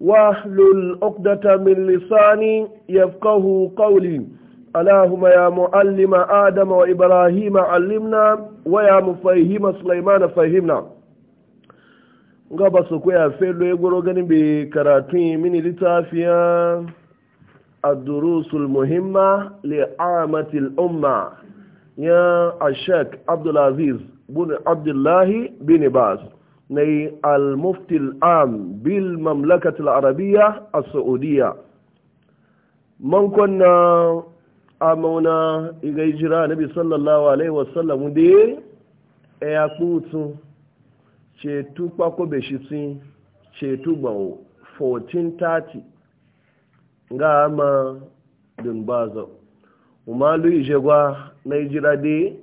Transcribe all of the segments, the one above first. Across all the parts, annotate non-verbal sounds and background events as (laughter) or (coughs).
واحلل عقدة من لساني يفقه قولي اللهم يا معلم آدم وإبراهيم علمنا ويا مفهم سليمان فهمنا gaba su koya felo ya goro ganin bai karatun mini littafiyan adurusul muhimma li'amatil umma ya ashek abdulaziz bin abdullahi bin bas na yi al-muftil am bil mamlakatul arabiya a saudiya mankon na amauna igai jira nabi sallallahu alaihi wasallam da ya kutu cetu shi beshitin cetu gbawo 1430 ga ama dumbazo umaru ijegwa na ijira dai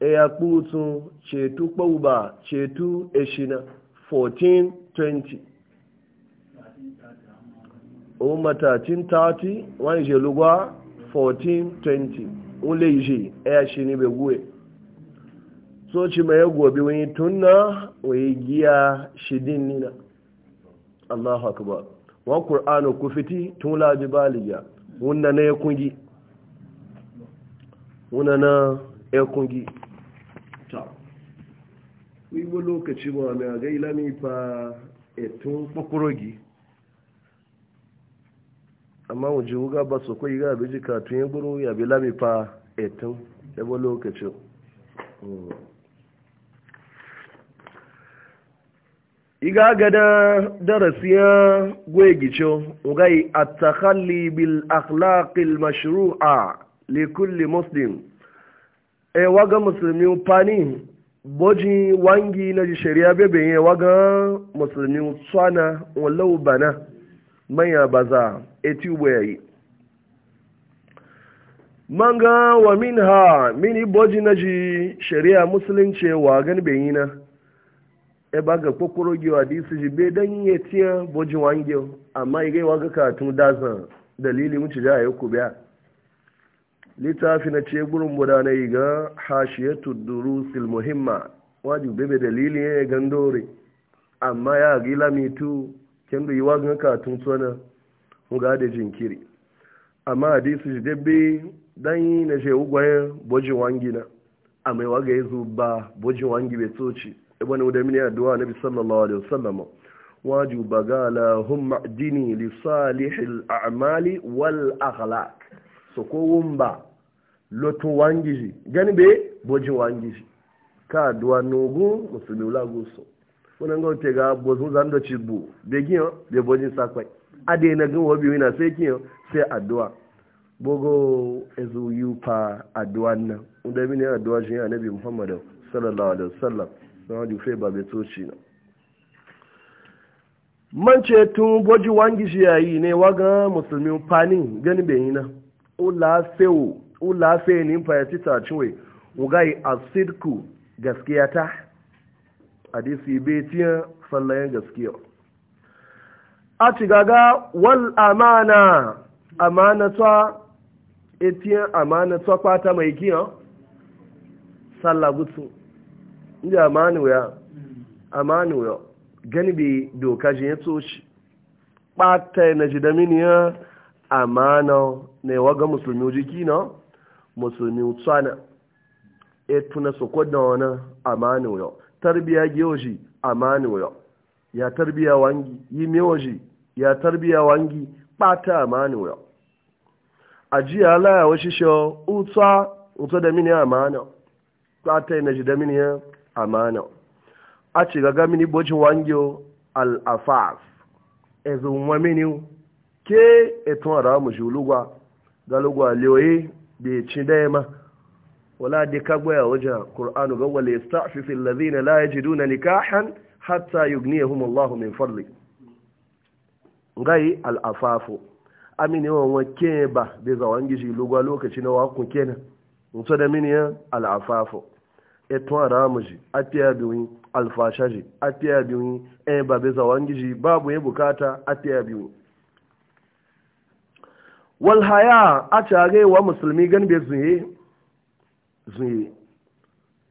eya kputu cetu kpauba cetu eshina 1420 umata tintati wani jelugwa 1420 ule iji eya shini begwe so ci mai gobe wani tunna wai giya shidin nina allahu akbar wa qur'anu kufiti tun laji baliya wunda na ya kungi wunda na ya kungi wibo lokaci ba mai ga ilami fa etun kokorogi amma mu wuga ba su kai ga biji katun ya buru ya bi lami fa etun yabo lokaci iga gada darasiya gwegicho ugai at bil akhlaqil mashru'a li kulli muslim e waga musulmi pani boji wangi na ji shari'a bebe yin waga musulmi tsana walau bana manya baza eti ubo yayi manga wa ha mini boji na ji shari'a musulunci wa gani bayi na e ba ga kokoro gi wa disi ji be dan yetiya boji wangi amma igai waga ka tun dazan dalili mun ci da ayi ku biya littafi na ce gurin budanai ga hashiyatu durusil silmuhimma wajen bebe dalilin ya gandore amma ya gila mitu kin da yi wazin katun tsona ga da jinkiri amma hadisi shi dabbe dan yi na ce ugwayen bojin wangi na a mai waga ya ba bojin wangi bai tsoci ibn udamini addu'a nabi sallallahu alaihi wasallam waju bagala hum ma'dini li salihil a'mali wal akhlaq so ko wumba lotun wangiji gani be bojin wangiji ka duwa nugu musulmi lagu so wani ga wuce ga bozun zan da cibu be giyan be bojin sakwai ade na gan wabi wina sai kiyan sai addu'a bogo ezu yupa addu'a nan inda mini addu'a shi annabi muhammadu sallallahu alaihi wasallam na wani fe ba be toci na man ce tun boji wangi shi yayi ne waga musulmi fanin gani be na ula sewo ula fe ni fa ya ci tacewe ugai asidku gaskiya ta hadisi be tiya sallayen gaskiya a ci gaga wal amana amanata etiyan amanata fata mai kiyan sallah gutsu ndi amanu ya amanu gani bi doka jin yato ɓata na jidaminiya amana ne waga musulmi jiki na no? musulmi tsana etu na soko da wani amani wuyo tarbiya giyoshi amani wuyo ya tarbiya wangi yi miyoshi ya tarbiya wangi bata amani wuyo a ji ala ya wasu shi utsa utsa da mini amana bata yi na ji da mini amana a ci gaga mini bocin wangi al'afaf ezun wa mini ke etun ara mu shi lugwa ga lugwa bai ci daya ma wala da ka goya wajen ƙur'anu ga wale ya stafi filazi na la ya ji duna nikahan hatta yugniya hum allahu min fadli ngayi al'afafu amini wa wake ba bai zawon gishi lugwa lokaci na wakun kenan mutu da mini ya al'afafu eto ara muji atiya biyu alfashaji atiya biyu eh ba bai zawon gishi babu ya bukata a atiya biyu a haya a cage wa musulmi gan bai zuye zuye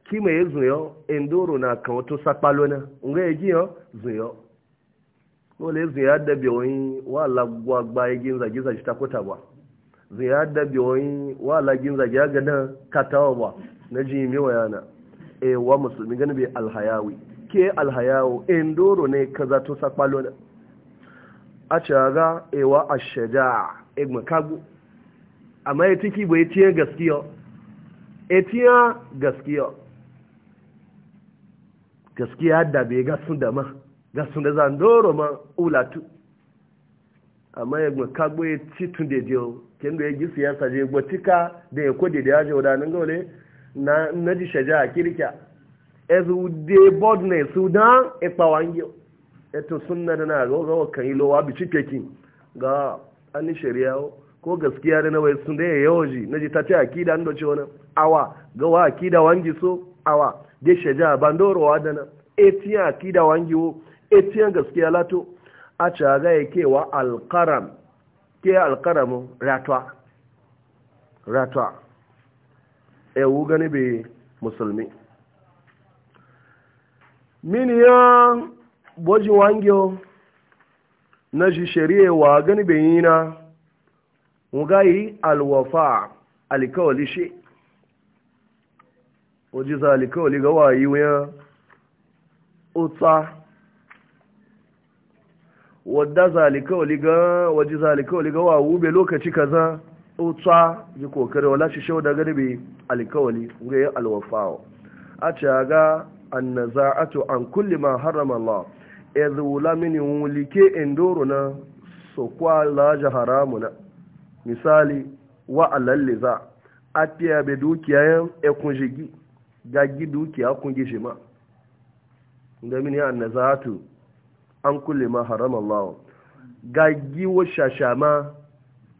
ki me zuyo indoro na kan to na nga ya giyo zuyo no le zuya da bi oyin wa la gwa gba egin za giza ta kota ba zuya da bi oyi wa la gin za katawa ba na ji mi yana. e wa musulmi gan bai alhayawi ke alhayawo indoro ne kaza to na a caga ewa ashaja'a egma kagu amma ya ciki bai tiye gaskiya etiya gaskiya gaskiya da bai gasu da ma gasu da zandoro ma ulatu amma ya gma kagu ya ci tun da diyo kin da ya gi siyasa je gwatika da ya kodi da ya ji wadanin gaule na naji shaja a kirkiya ezu de bod su bodne sudan ipawangiyo eto sunna da na gogawa kan ilowa bi cikekin ga an ni shari'a ko gaskiya da nawai sun da yawa ji na ji ta ce akida an doce wani awa ga wa akida wangi so awa da shaja doro wa dana etiyan akida wangi wo etiyan gaskiya lato a caga ya wa alkaram ke alkaramu ratwa ratwa ewu gani bai musulmi mini ya wangi wangyo na shi shari'a wa gani bayina mugayi alwafa alkawali shi za alkawali ga wayi wuya utsa wadda zalikawali ga waje zalikawali ga wawu bai lokaci kaza utsa ji kokari wala shi shau da garbe alkawali ga yin alwafawa a ce ga annaza'atu an kulli ma harama Allah ezu wula mini wulike indoro na so kwa misali wa alalle za a fiya dukiya yan ekun gagi dukiya kun ma da mini an nazatu an kulle ma haram Allah gagi wa shashama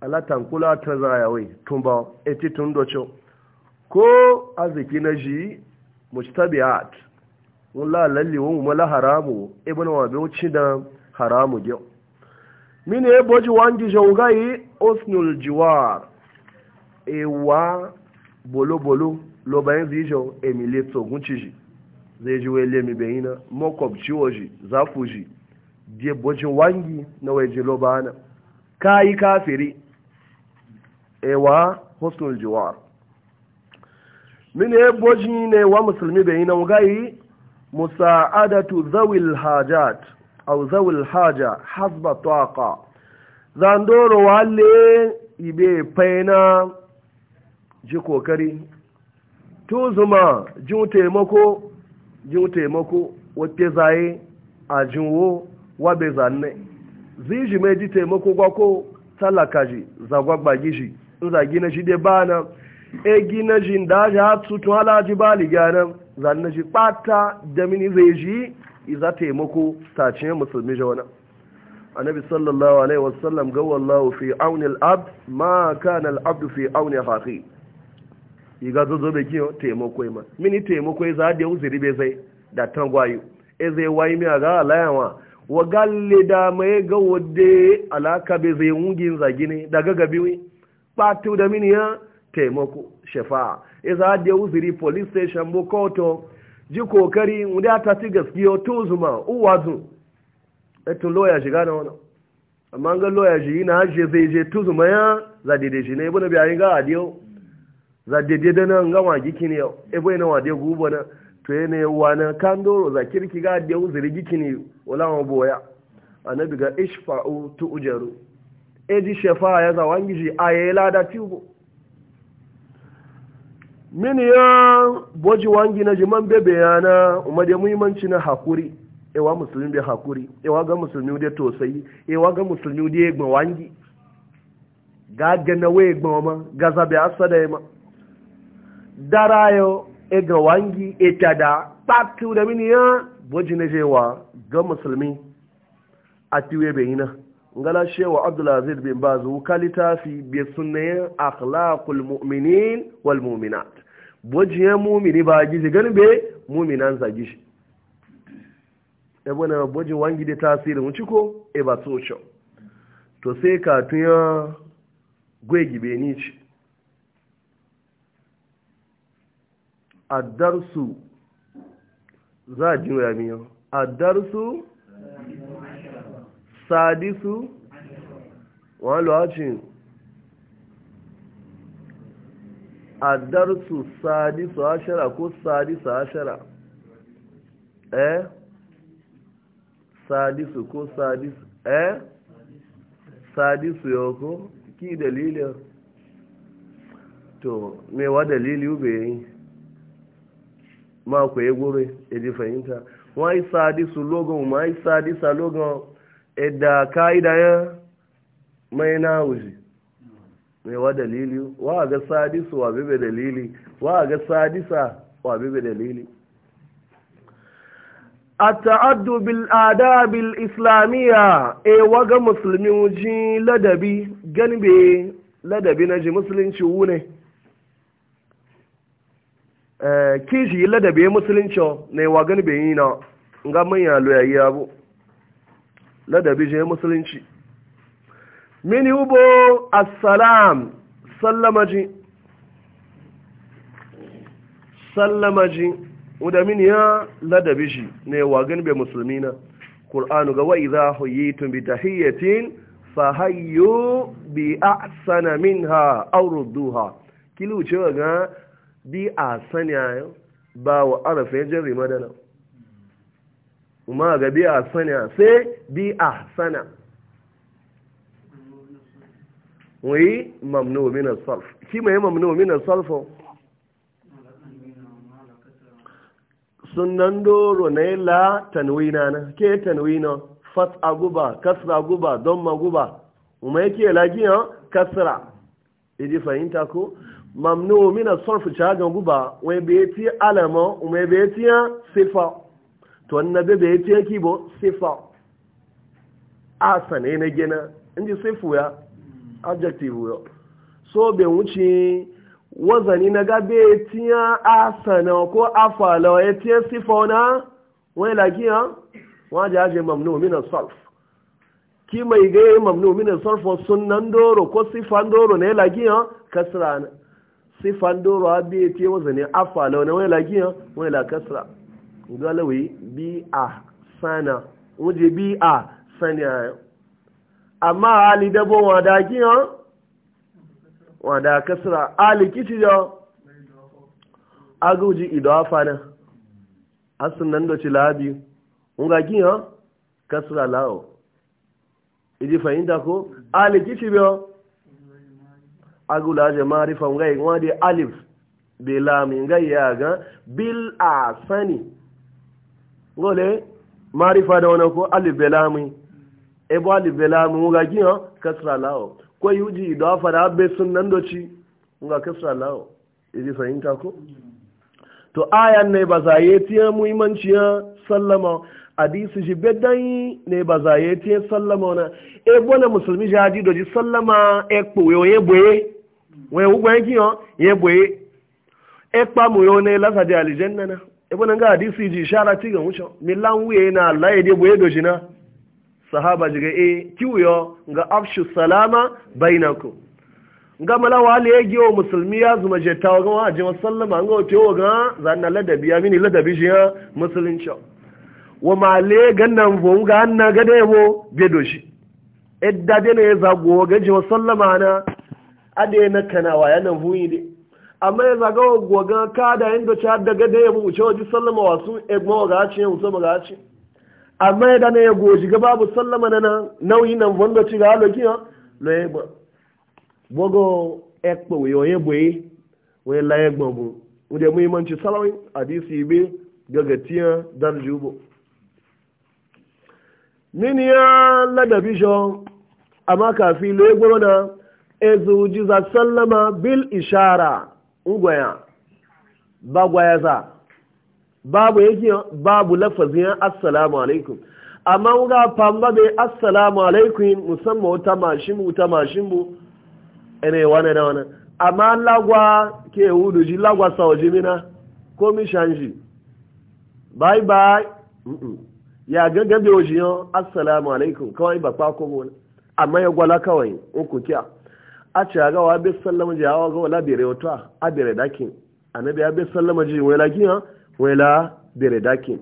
alatan kula ta zayawai tun ba eti tun ko arziki na ji mujtabi'at wula lalle wani mala haramu ibn e wa biyu ci da haramu gyau mini ya e boji wangi shaugayi osnul jiwar ewa bolo-bolo lo bayan zai jau emile tsogun ci zai ji wai lemi bayi na mokop ciwo shi zafu shi je boji wangi na waje lo ba na kayi kafiri ewa hosnul jiwar mini ya e boji ne wa musulmi bayi na wugayi musa'adatu zawil hajat au zawil haja hasba taqa zandoro wale ibe faina ji kokari to zuma jin taimako jin taimako wata zaye a jinwo wabe zanne ziji mai ji taimako gwako talaka ji zagwagba gishi in zagi na shi dai bana e gina jin daji hatsu tun halaji bali ganan zanna shi ɓata da mini zai ji iza taimako tacin musulmi jawana annabi sallallahu alaihi wasallam ga wallahu fi auni al'ab ma kana al'ab fi auni hafi iga zozo be kiyo taimako ma mini taimako za da uziri bai zai da gwayo e zai wayi mi ga alayawa wa galle da mai ga wadde alaka be zai wungin zagine daga gabiwi ɓatu da mini ya taimako shafa'a iza da uziri police station bu koto ji kokari wuri ta ci gaskiyo to zuma uwa zu eto lawyer shiga na wani amma ga lawyer shi na je zai je to zuma ya za daidai shi ne ibu na biyayin ga adiyo za daidai da nan ga wagi kini yau ibu na wade gubo na to ya ne wani kandoro za kirki ga adiyo uziri gikini wala wa boya annabi ga ishfa'u Ujeru. eji shafa ya za wangi shi ayela da tubo min ya boji wangi na jiman be bayana umma da muhimmanci na hakuri ewa musulmi be hakuri ewa ga musulmi da tosai ewa ga musulmi da egbe wangi ga gana wa egbe ma gaza zabe asada ma darayo ega wangi etada patu da min ya boji na jewa ga musulmi a be bayina ngala shewa abdulaziz bin baz wuka fi bi sunnayin akhlaqul mu'minin wal mu'minat bojiye mu'mini ba gizi gani be mu'minan za gishi e bona boji wangi de tasiri mu e ba socho to sai ka tuya gwegi be ni ci adarsu za jiwa miyo adarsu sadisu wọ́n lọ ọ́chìn àdárùsù sadisu aṣẹ́ra ko sadisu aṣẹ́ra ẹ́ sadisu ko sadisu ẹ́ sadisu yoko ki dalili to mewa dalili ube yi ma kwaye gobe edi fahimta wọ́n yi sadisu logon ma yi sadisa logon idda kaida ya mai nauji mai wa dalili wa ga sadisu wa bibe dalili wa ga sadisa wa bibe dalili at'addu bil ada al islamiyya e waga musulmi muslimi ji ladabi ganbe ladabi na ji musulunci wune eh, kiji ladabi musulunci ne wa ganbe yi na ga manya yi abu. ladabi je musulunci mini ubo assalam sallamaji sallamaji wadda mini ya ladabi shi ne wagan bai musulmi na ƙur'anu ga wa'i za huyitun bi tahiyyatin fahayyo bi a sana min ha kilu cewa ga bi a sanya ba wa arafin jirri madana kuma ga bi a sana sai bi a sana wai mamnu min as-sarf shi mai mamnu min as-sarf sunan doro ne la tanwina na ke tanwina fat aguba kasra aguba don maguba kuma yake lagiya kasra idi fahimta ko mamnu min as-sarf chaga guba wai bi ti alama umai bi ti sifa to annabi bai yi teki bo sifa asane na gina in ji sifu ya adjective ya so be wuce wazani na gabe tiya asana ko afala ya tiya sifa na wani lagiya wani jaje mamnu minan salf ki mai gaya mamnu minan salf sunan doro ko sifan doro na ya lagiya kasra na sifan doro abe tiya wazani afala na wani lagiya wani la kasra galawai bi a sana wuje bi a sani a amma ali dabo wada kiyan wada kasra ali kici agụ ji idafa na asunan da ci labi nga kiyan kasra lao iji fahimta ko ali kici biyo agula je marifa ngai wadi alif bi lam ngai ya ga bil asani ngole marifa da wani ko alibelami ebo alibelami nga giyan kasra lao ko yuji idafa da abbe sunnan ci nga kasra lao idi fahimta ko to ayan ne ba za yi tiya muhimmanci ya sallama hadisi ji bedan ne ba yi tiya sallama na e bona musulmi ji do ji sallama ekpo yo ye boye we ugwa giyan ye boye ekpa mu yo ne lasa di aljanna na ibn ga hadisi ji shara ti ga wucho milan wuye na Allah ya debo yedo jina sahaba ga e eh, kiwo ga afshu salama bainakum ga mala wali ya giwo musulmi ya zuma je tawo ga waje wasallama ga otewo ga zanna ladabi ya mini ladabi shi ya musulunci wa male gannan bo ga anna ga be do shi edda dene za go ga je sallama na ade na wa yana vuyi de amma ya zaga wa gwagan kada yin da ci daga da ya wuce waje sallama wasu egma wa wuce amma ya dana ya goji ga babu sallama na nan nauyi nan wanda ci ga halokin ya na ya gba bogo ekpa wuyo boye wai la ya gba muhimmanci salawin dan jubo ya ladabi shon amma kafin lo gwamna ezu jiza sallama bil ishara ungwaya bagwaya za babu yake babu lafazin assalamu alaikum amma nga pamba be assalamu alaikum musamman wata mashin wata mashin bu ene wana na wana amma lagwa ke hudu ji lagwa sawaji mina ko mi shanji bye bye mm -mm. ya gaggabe wajen assalamu alaikum kawai ba kwa kogo amma ya gwala kawai uku a ce ga wa be sallama ji hawa ga wala bere wata a bere dakin annabi ya be sallama ji wai gina ha bere dakin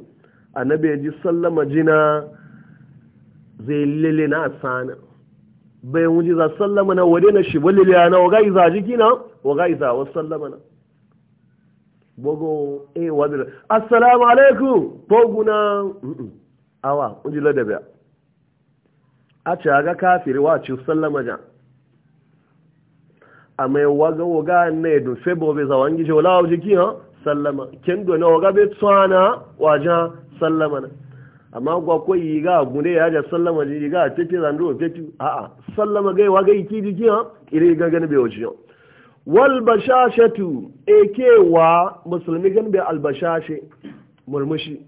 annabi ya ji sallama ji na zai lele na asana bai wuji za sallama na wade na shi balile na waga iza ji gina waga iza wa sallama na bogo eh wadir assalamu alaikum boguna awa unji ladabiya a ce ga kafiri wa ci sallama jan a mai waga waga ne do febo be zawon gije wala a jiki ha sallama ken do na waga be tsana waja sallama na amma gwa ko yi ga gune ya ja sallama ji ga tete zan do tete a a sallama gai waga iki jiki ha ire ga gane be ojiyo wal bashashatu e wa musulmi gan be al bashashe murmushi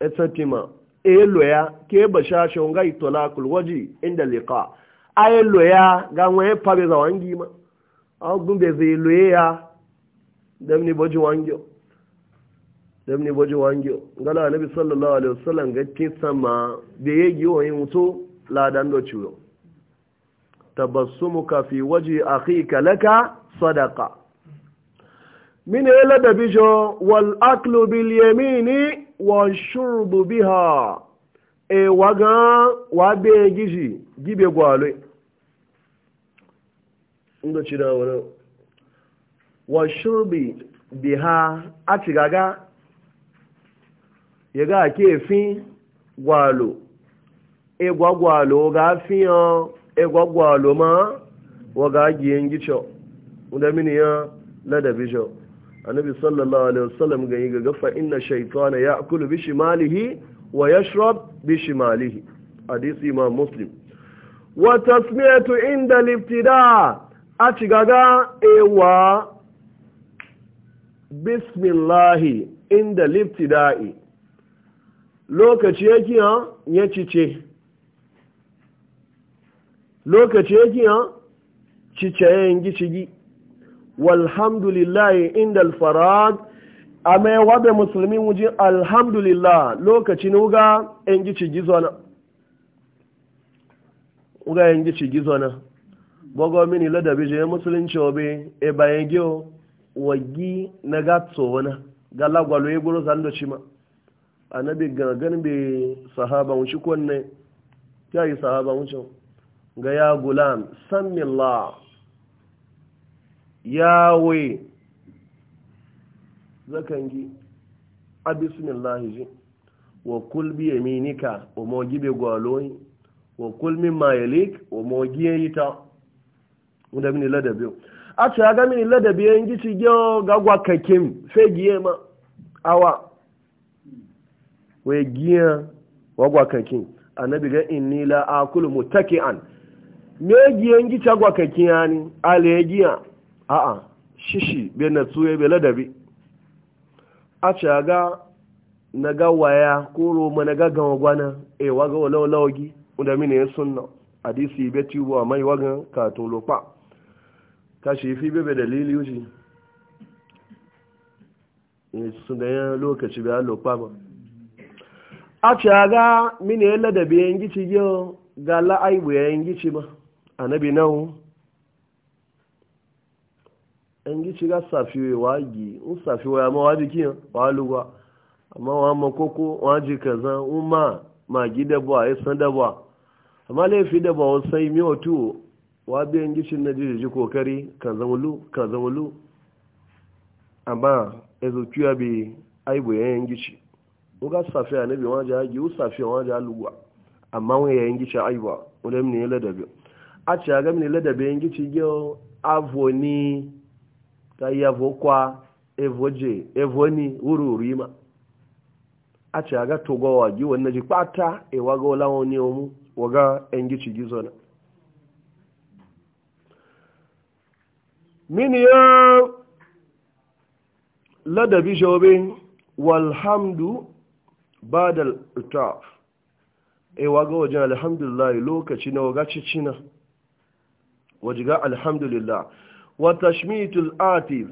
etsatima e loya ke bashashe ngai tolakul waji inda liqa ay e loya ga ngwe pabe za wangi ma agun bai zai loye ya damni boji wangyo damni boji wangyo ngala annabi sallallahu alaihi wasallam ga tin sama da yegi wa yin so ladan do ciwo tabassumuka fi waji akhika laka sadaqa min yala da bijo wal aklu bil yamini wa shurbu biha e waga wa be giji gibe gwaloi inda ci da wani wa shirbi biha a ci ya ga ke fi gwalo ịgwagwalo e ga fi yan egwa ma wa ga giyen gicho da mini ya ladabi jo annabi sallallahu alaihi wasallam ga yi gaga fa inna shaytana ya'kulu bi shimalihi wa yashrab bi shimalihi hadisi imam muslim wa tasmiyatu inda al-ibtida' a ti gaga ewa bismillahi inda da'i lokaci ya kiya ya cice lokaci ya cice ya cicayen gishigi walhamdulillahi inda alfarad a mai wabe musulmi wujin alhamdulillah lokaci uga yan gicigi zona zona bogo mini ladabi je musulunci obe e bayan giyo wagi na gatso wani galagwalo ya guro zan doci ma annabi gangan be sahaba wuci kwanne ya yi sahaba wucin ga ya gulam samillah yawe zakangi a bismillahi ji wa kul bi yaminika wa mogi be gwaloyi wa kul min ma yalik wa mogi yita wanda mini ladabi a ce ya ga mini ladabi ya yi ci gyo ga gwakakin sai giye ma awa wai giya a na annabi in inni la akulu mutaki'an me giya yi ci gwakakin ya ni ale giya a shishi bai na tsuye bai ladabi a ce ya ga na ga waya ko roma na ga gawa gwana e eh, waga wala wala wanda mini ya sunna hadisi bai tiwo mai wagan katon kashi fi bebe dalili uji e, su da yan lokaci bai hallo kwaba a ce ga mini yalla da biyan gici yau ga la'ai biyan gici ba annabi nawo yan gici ga safi wagi un safi waya ma wadi kiyan waluwa amma wa Wa waji kaza umma magi da ba ya e san da ba amma laifi da ba yi miyo tuwo wa biyan gishin na jijiji kokari kan lu kan lu amma ezokiya bi aibu yayin gishi ga safiya ne bi wani jihagi o safiya wani jihagi lugwa amma wani yayin gishi aibu wani mini ya ladabi a ci a gamini ladabi yayin gishi yau avo ni ka yi avo kwa evo je evo ni wuri wuri ma a ci a ga togowa gi wani ji kpata ewa ga wala wani omu waga yan gishi gizo na min ya ladabi shawabin walhamdu ba da taf e ga wajen alhamdulillah lokaci na waga cicina wajiga alhamdulillah wa tashmitul atif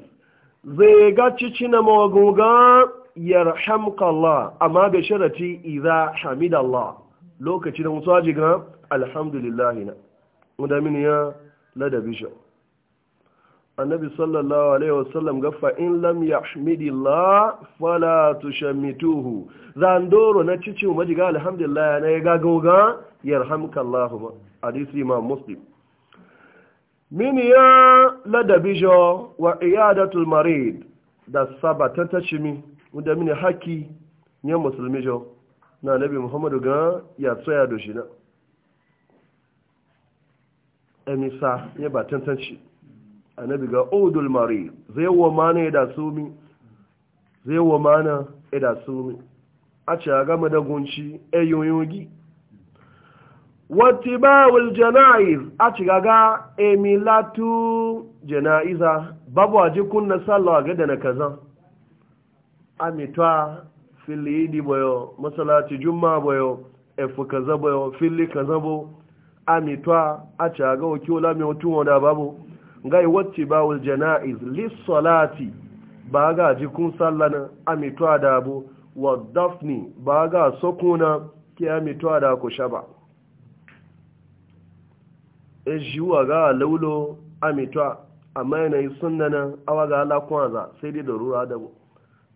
zai ga cicina mawagunga yarhamkallah amma bai sharati idza hamidallah lokaci na musaji ga alhamdulillah na wanda min ya ladabi shawabin annabi sallallahu alaihi wasallam ga fa in lam yahmidillah fala tushammituhu doro na cici majiga alhamdulillah na ya gagoga yarhamkallahu ma hadisi imam muslim min ya ladabijo wa iyadatul marid da sabata ta cimi wanda mini haki ne musulmi jo na nabi muhammadu ga ya tsaya doshi na emisa ya ba tantanci annabi ga udul mari zai wa mana ya da mi zai wa mana ya da mi a ce a gama da gunci eyoyogi watibawul jana'iz a ci gaga emilatu jana'iza babu a jikun na sallawa ga da na kaza amitwa fili idi bayo masalaci juma bayo efu kaza bayo fili kaza bo amitwa a ci o wakil lami otu wanda babu gai wacce bawul jana'iz lissalati ba ga jikun sallana amituwa da abu wa dafni ba ga sokuna ke amituwa da ku shaba e jiwa ga laulo amituwa amma yanayi sunana awa ga alakwaza sai dai da ruwa da bu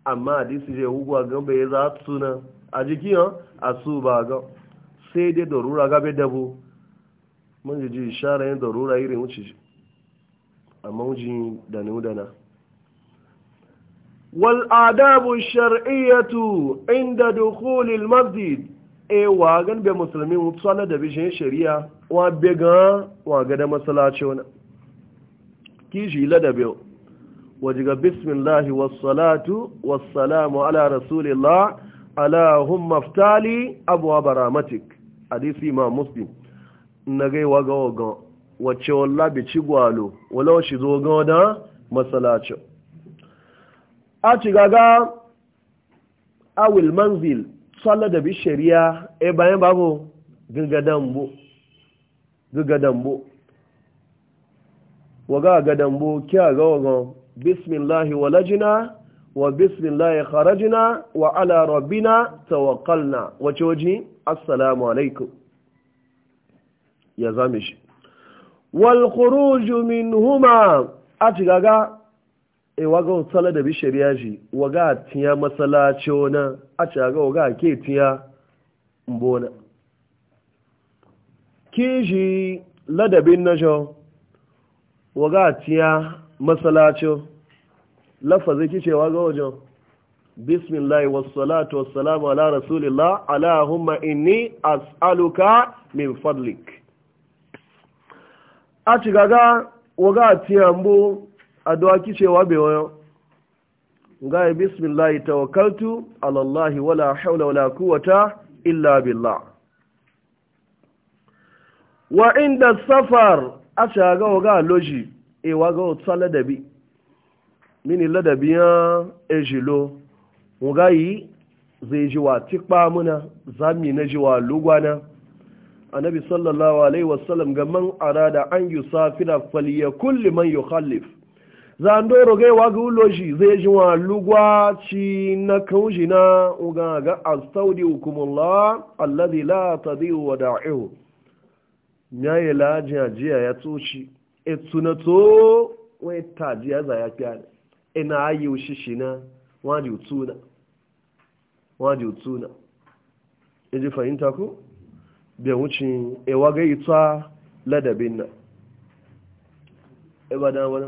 amma hadisi je hugwa gamba ya za suna a jikiyan a su ba ga sai dai da rura gabe da bu mun ji ishara yin da ruwa irin wuce a maujin da nudana والآداب الشرعية عند دخول المسجد e wagan be musulmi mutsala da bishiyar shari'a wa be ga wa ga da masallaci wani kishi ladabe wajiga bismillahi wassalatu wassalamu ala rasulillah ala humma ftali abwa baramatik hadisi ma muslim na gaiwa ga wacce walla bi ci gwalo wala shi zo ga wada a ci gaga awil manzil tsalla da bi shari'a e bayan babu gagadambo dambu waga gadambo kya ga wagon bismillahi walajina wa bismillahi kharajina wa ala rabbina tawakalna wace waje assalamu alaikum ya zame shi a منهما gaga e waga tsala da bishiyar yaji waga tiya masalaci wani a gaga waga ke tiya mbona ji ladabin na sho waga tiya masalaci lafazi kice waga wajen bismillah wasalatu wassalamu ala rasulillah alahumma inni as'aluka min fadlik a ci gaga waga a tiyambo a dawa kicewa bai wayo ga bismillahi tawakkaltu ala Allah wala hawla wala quwwata illa billah wa inda safar a ci gaga waga loji e waga tsala mini ladabi ya ejilo waga yi zai wa tikpa muna zami na ji wa lugwana annabi sallallahu alaihi wasallam ga man arada an yusafira falyakul liman yukhallif Za do roge wa ga uloji zai ji wa lugwa ci na kauji na uga ga astaudi hukumullah alladhi la tadiu wada'ihu nyaye la jiya ya tsoci e tunato wai e tajiya za ya kyale ina ayu shishi na wadi utuna wadi utuna eji fahimta ku bai wuce ewa ga ita ladabin nan ibadan wani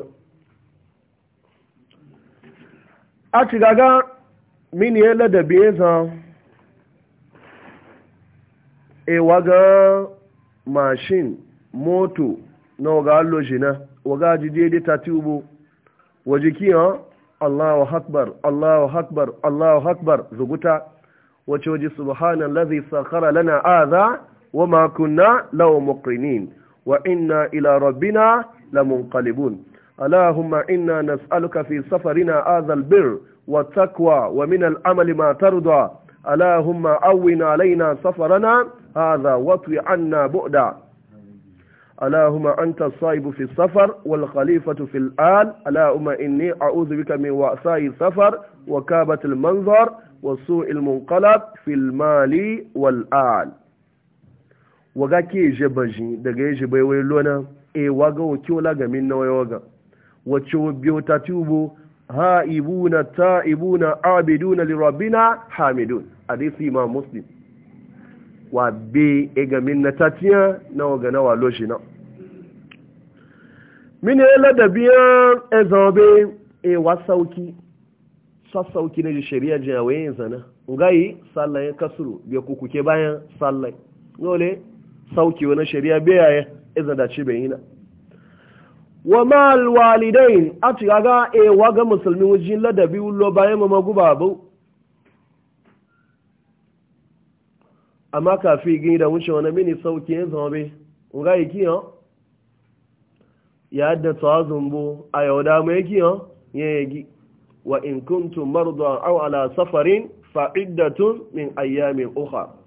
a ci gaga mini ya ladabi ya zan ewa ga mashin moto na waga alloji na waga ji daidai ta tubo waje kiyan allahu hakbar allahu hakbar allahu hakbar zuguta wace waje subhanan lazi sakara lana aza وما كنا لو مقرنين وإنا إلى ربنا لمنقلبون اللهم إنا نسألك في سفرنا هذا البر والتقوى ومن الأمل ما ترضى اللهم أون علينا سفرنا هذا واطوي عنا بؤدا اللهم أنت الصائب في السفر والخليفة في الآل اللهم إني أعوذ بك من وأساء السفر وكابة المنظر وسوء المنقلب في المال والآل waga ke je baji daga ya je bai wai lona e eh, waga wa kyola ga min nawa waga wacce wa biyo ta tubo ha ibuna ta ibuna abiduna li rabbina hamidun hadisi imam muslim wa be e ga na tatiya na waga na wa loshi na min ya ladabiya e, e zobe e wa sauki sassauki na shari'a jawayen zana ngai sallan kasuru bai kukuke bayan sallan dole sauki wani shari'a beyaye izina da ci bayina wa mal walidain a cika gaga e ga musulmi wajen ladabi wulo bayan mu maguba bu amma kafi gini da wuce wani mini sauki yin zama bai nga yi kiyan ya da tsawazin bu a yau da mai ya yi wa in kuntum mardu aw ala safarin fa'iddatun min ayyamin ukhra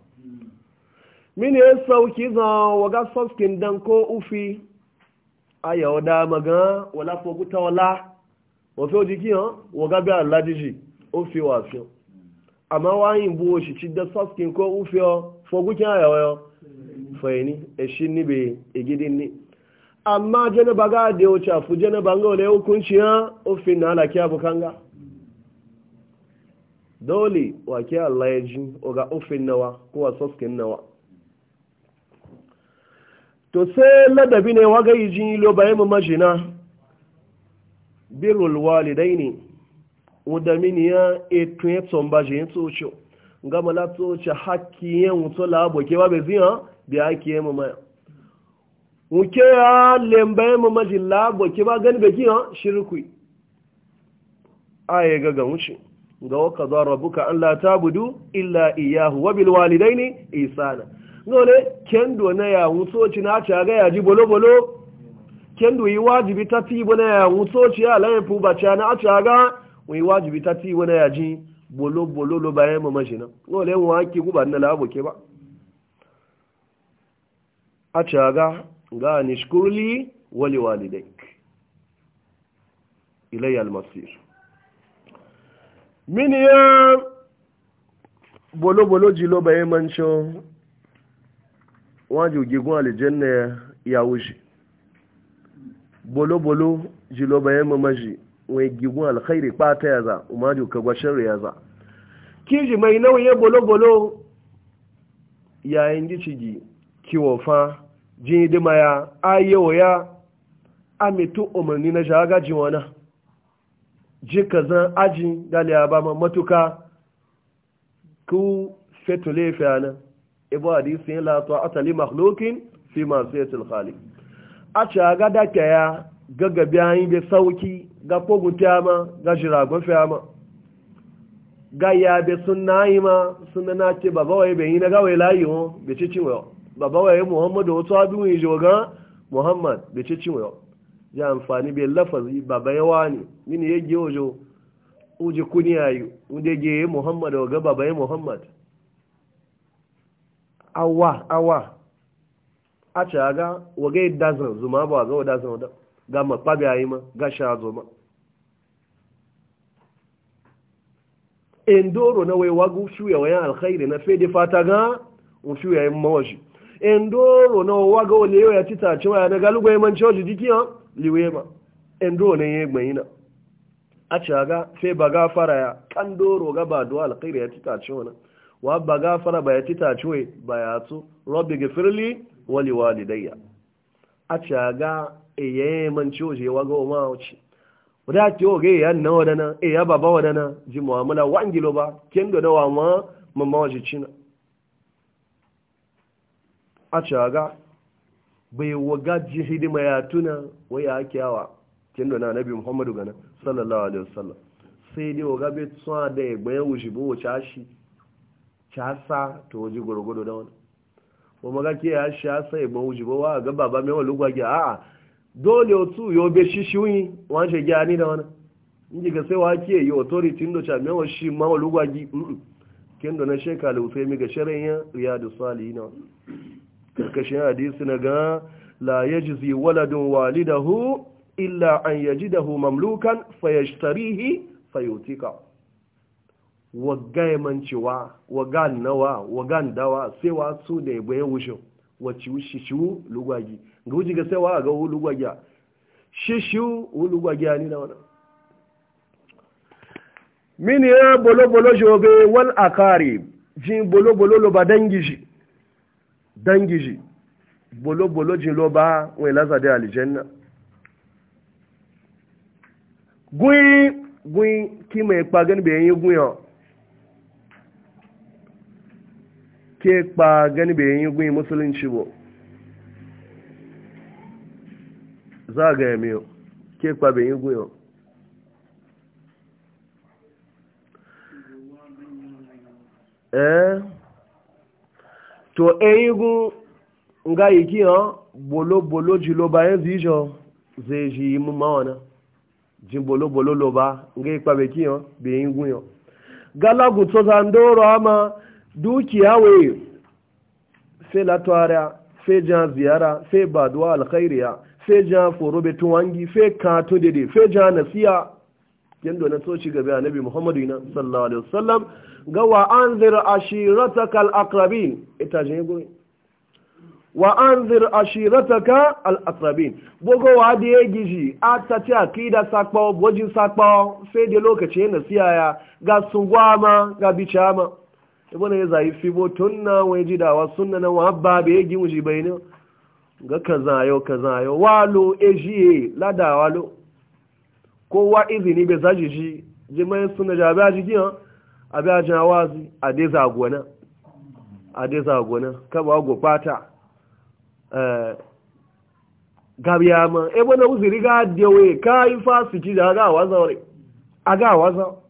mini ya sauki zan waga soskin dan ko ufi a yau da maga wala fokuta wala wafi o jiki han waga bi ala jiji o fi wa fi amma wa yin bu o shi ci da soskin ko ufi o fokukin a yau yau fayini e shi ni be igidin ni amma jana baga da yau cafu jana banga wale hukunci ya ufi na ala kiya bukanga dole wa kiya Allah ya ji oga ufin nawa ko wa soskin nawa to sai ladabi ne waga yi jin ilo bayan mu majina birul walidai ne udamini ya etu ya tsomba ya yin gama la tsoci haki ya wuto la aboke ba bezin ha bi haki ya mama wuke ya lemba ya mu ji la aboke ba gani beki ha shirkui aye ga ga wuce ga waka zuwa rabuka an la tabudu illa iyahu wa bil walidaini isana nole kendo na ya wutoci na ci aga ya ji bolo-bolo kendo yi wajibi ta ti ibo na ya wutoci ya layin fuba ci na ci aga wani wajibi ta ti ibo na ya ji bolo-bolo lo bayan mu mashi na nole wa ake guba na labo ke ba a ci aga ga nishkurli wali walidai ilayya almasir mini ya bolo-bolo ji lo bayan mancho wọ́n jù gígún àlìjẹ́nà ìyàwó ṣe bolobolo jùlọ bayan mamaji wọ́n gígún alkhairi pata ya za wọ́n jù kagwashin ya za kí mai nauyin bolobolo yayin gicigi kiwofa jini dimaya ayewa ya amitu umarni na shagajin wana ji kazan ajin daliyar ba matuka ku fetule fiye ibu hadisi yin latuwa atali makhlukin fi masu yi khali a ce a ga dake ya gaga biyayin bai sauki ga ta ma ga jiragofiya ma ga ya sun na yi ma suna na ce babawaye bai yi na gawai layi ho bai ci cinwa babawaye muhammadu wasu abin yi joga muhammad bai ci cinwa ya amfani bai lafazi baba yawa ne mini ya gye wajo uje kuniya yi wunde gye muhammadu wa ga babaye muhammad awa awa a ce ga waga dazan zuma ba ga dazin wadda ga makpaga yi ma ga sha zuma endoro na waiwa gu shuya wayan alkhairi na fede fata ga un ya yin mawashi endoro na waga wale yau ya ci tace waya na galugu ya manci wajen jikiya liwe ma endoro na yi gbayi na a ce ga fe ba gafara ya kan doro ga ba duwa alkhairi ya ci tace wani wa ba gafara ba ya ci taciwe ba ya tu rabbi gafirli wali walidayya a ci ga iye man ci oje wa ga ma wuce wadda ci oge oh, ya na wadana e ya baba wadana ji mu'amala wa ngilo ba kendo do wa ma mamma waje cina a ci ga bai waga ji hidima ya tuna waya kyawa ken do na nabi muhammadu gana sallallahu alaihi wasallam sai dai waga bai tsawa da ya gbayan wuce bo wuce shi casa to waje gwargwado da wani ko maga ke ya sha sai ba wuji ba wa ga baba mai wani lugwa a'a dole otu yo be shishiwi wan she ga ni da wani inji ga sai wa ke yi authority ndo cha mai shi ma wani lugwa gi kendo na shekala lu sai mi ga ya riyadu na karkashin hadisi na ga la zi waladun walidahu illa an hu mamlukan fayashtarihi fayotika wagga mancewa wagga nawa wagga dawa sai wa su da yabo ya wushin wacce wushi shiwu lugwagi ga wuji ga sai wa ga wu lugwagi shi shiwu wu lugwagi ni na wannan min ya bolo bolo jobe wal akari jin bolo bolo lo ba dangiji dangiji bolo bolo jin loba ba wai laza da aljanna gui gui ki mai pagan be yin gui ke kpa gani bai yi gwi musulunci ba za ga eme o. ke kpa bai yi gwi eh to eyigun nga iki bolo bolo ji lo ba yin zi jo ze ji mu ma ji bolo lo ba nga ipa be ki han be yin gun yo galagun to ama dukiya waye sai latwara sai jan ziyara sai baduwa alkhairiya sai jan foro betun wangi sai kato dede sai jan nasiya yadda na soci gaba nabi muhammadu yana sallallahu alaihi wasallam ga wa anzir ashirataka alaqrabin ita je gure wa anzir ashirataka alaqrabin bogo wa da ya gishi a ta ci akida sakpa bojin sakpa sai da lokaci nasiya ya ga sungwama ga bichama ibana ya zayi fibo tun na wani ji dawa sunna na wa ba be gi shi bai ne ga kaza yo kaza e walo ejiye lada walo ko wa izini be zaji ji je mai sunna ja ba ji gi a ba ji wazi a dai zagona a dai zagona ka ba go fata eh gabiya ma e bana uziri ga dewe kai fasiki da ga wazare aga wazare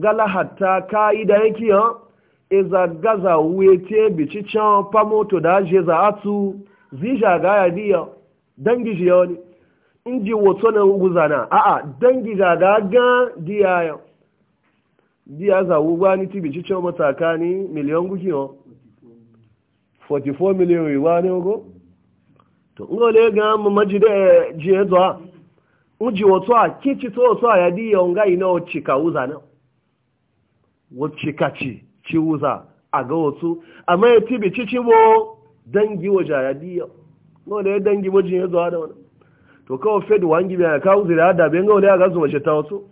gala hatta ka'ida yake ya iza gaza wete bici can famoto da aje za atu zija ga ya biya dangi ji yawani in ji wato na guzana a dangi ja da ga diya ya diya za wuwa ni ti bici can mataka ni miliyan guki yo 44 miliyan wiwa ne ogo to ngole ga majide je ezo a uji wato a kici to a ya diya nga ina o chika uzana wacce kaci ci wuza a ga wasu amma ya tibi cici bo dangi wa jayadiyya da ya dangi majin ya zuwa da wani to kawo fed wangi biya ka wuzi da hada bayan gauna ya gasu mace ta wasu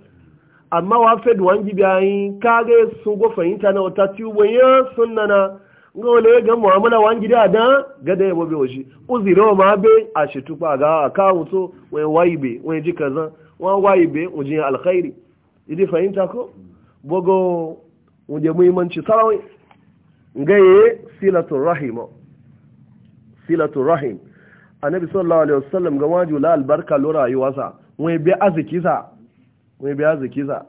amma wa fed wangi biya yi kage sun go fahimta na wata tiwo ya sunnana gauna ga mu'amala wangi da da ga da yabo bewa shi uzira ma be a shi tupa ga kawo so wani wayi be wani ji kaza wani wayi be wajen alkhairi idi fahimta ko bogo wunde muhimmanci sarawai gaye silatun rahim silatun rahim annabi sallallahu alaihi wasallam e um e um e ga waju la albarka lo rayuwarsa wai bi aziki sa wai bi aziki sa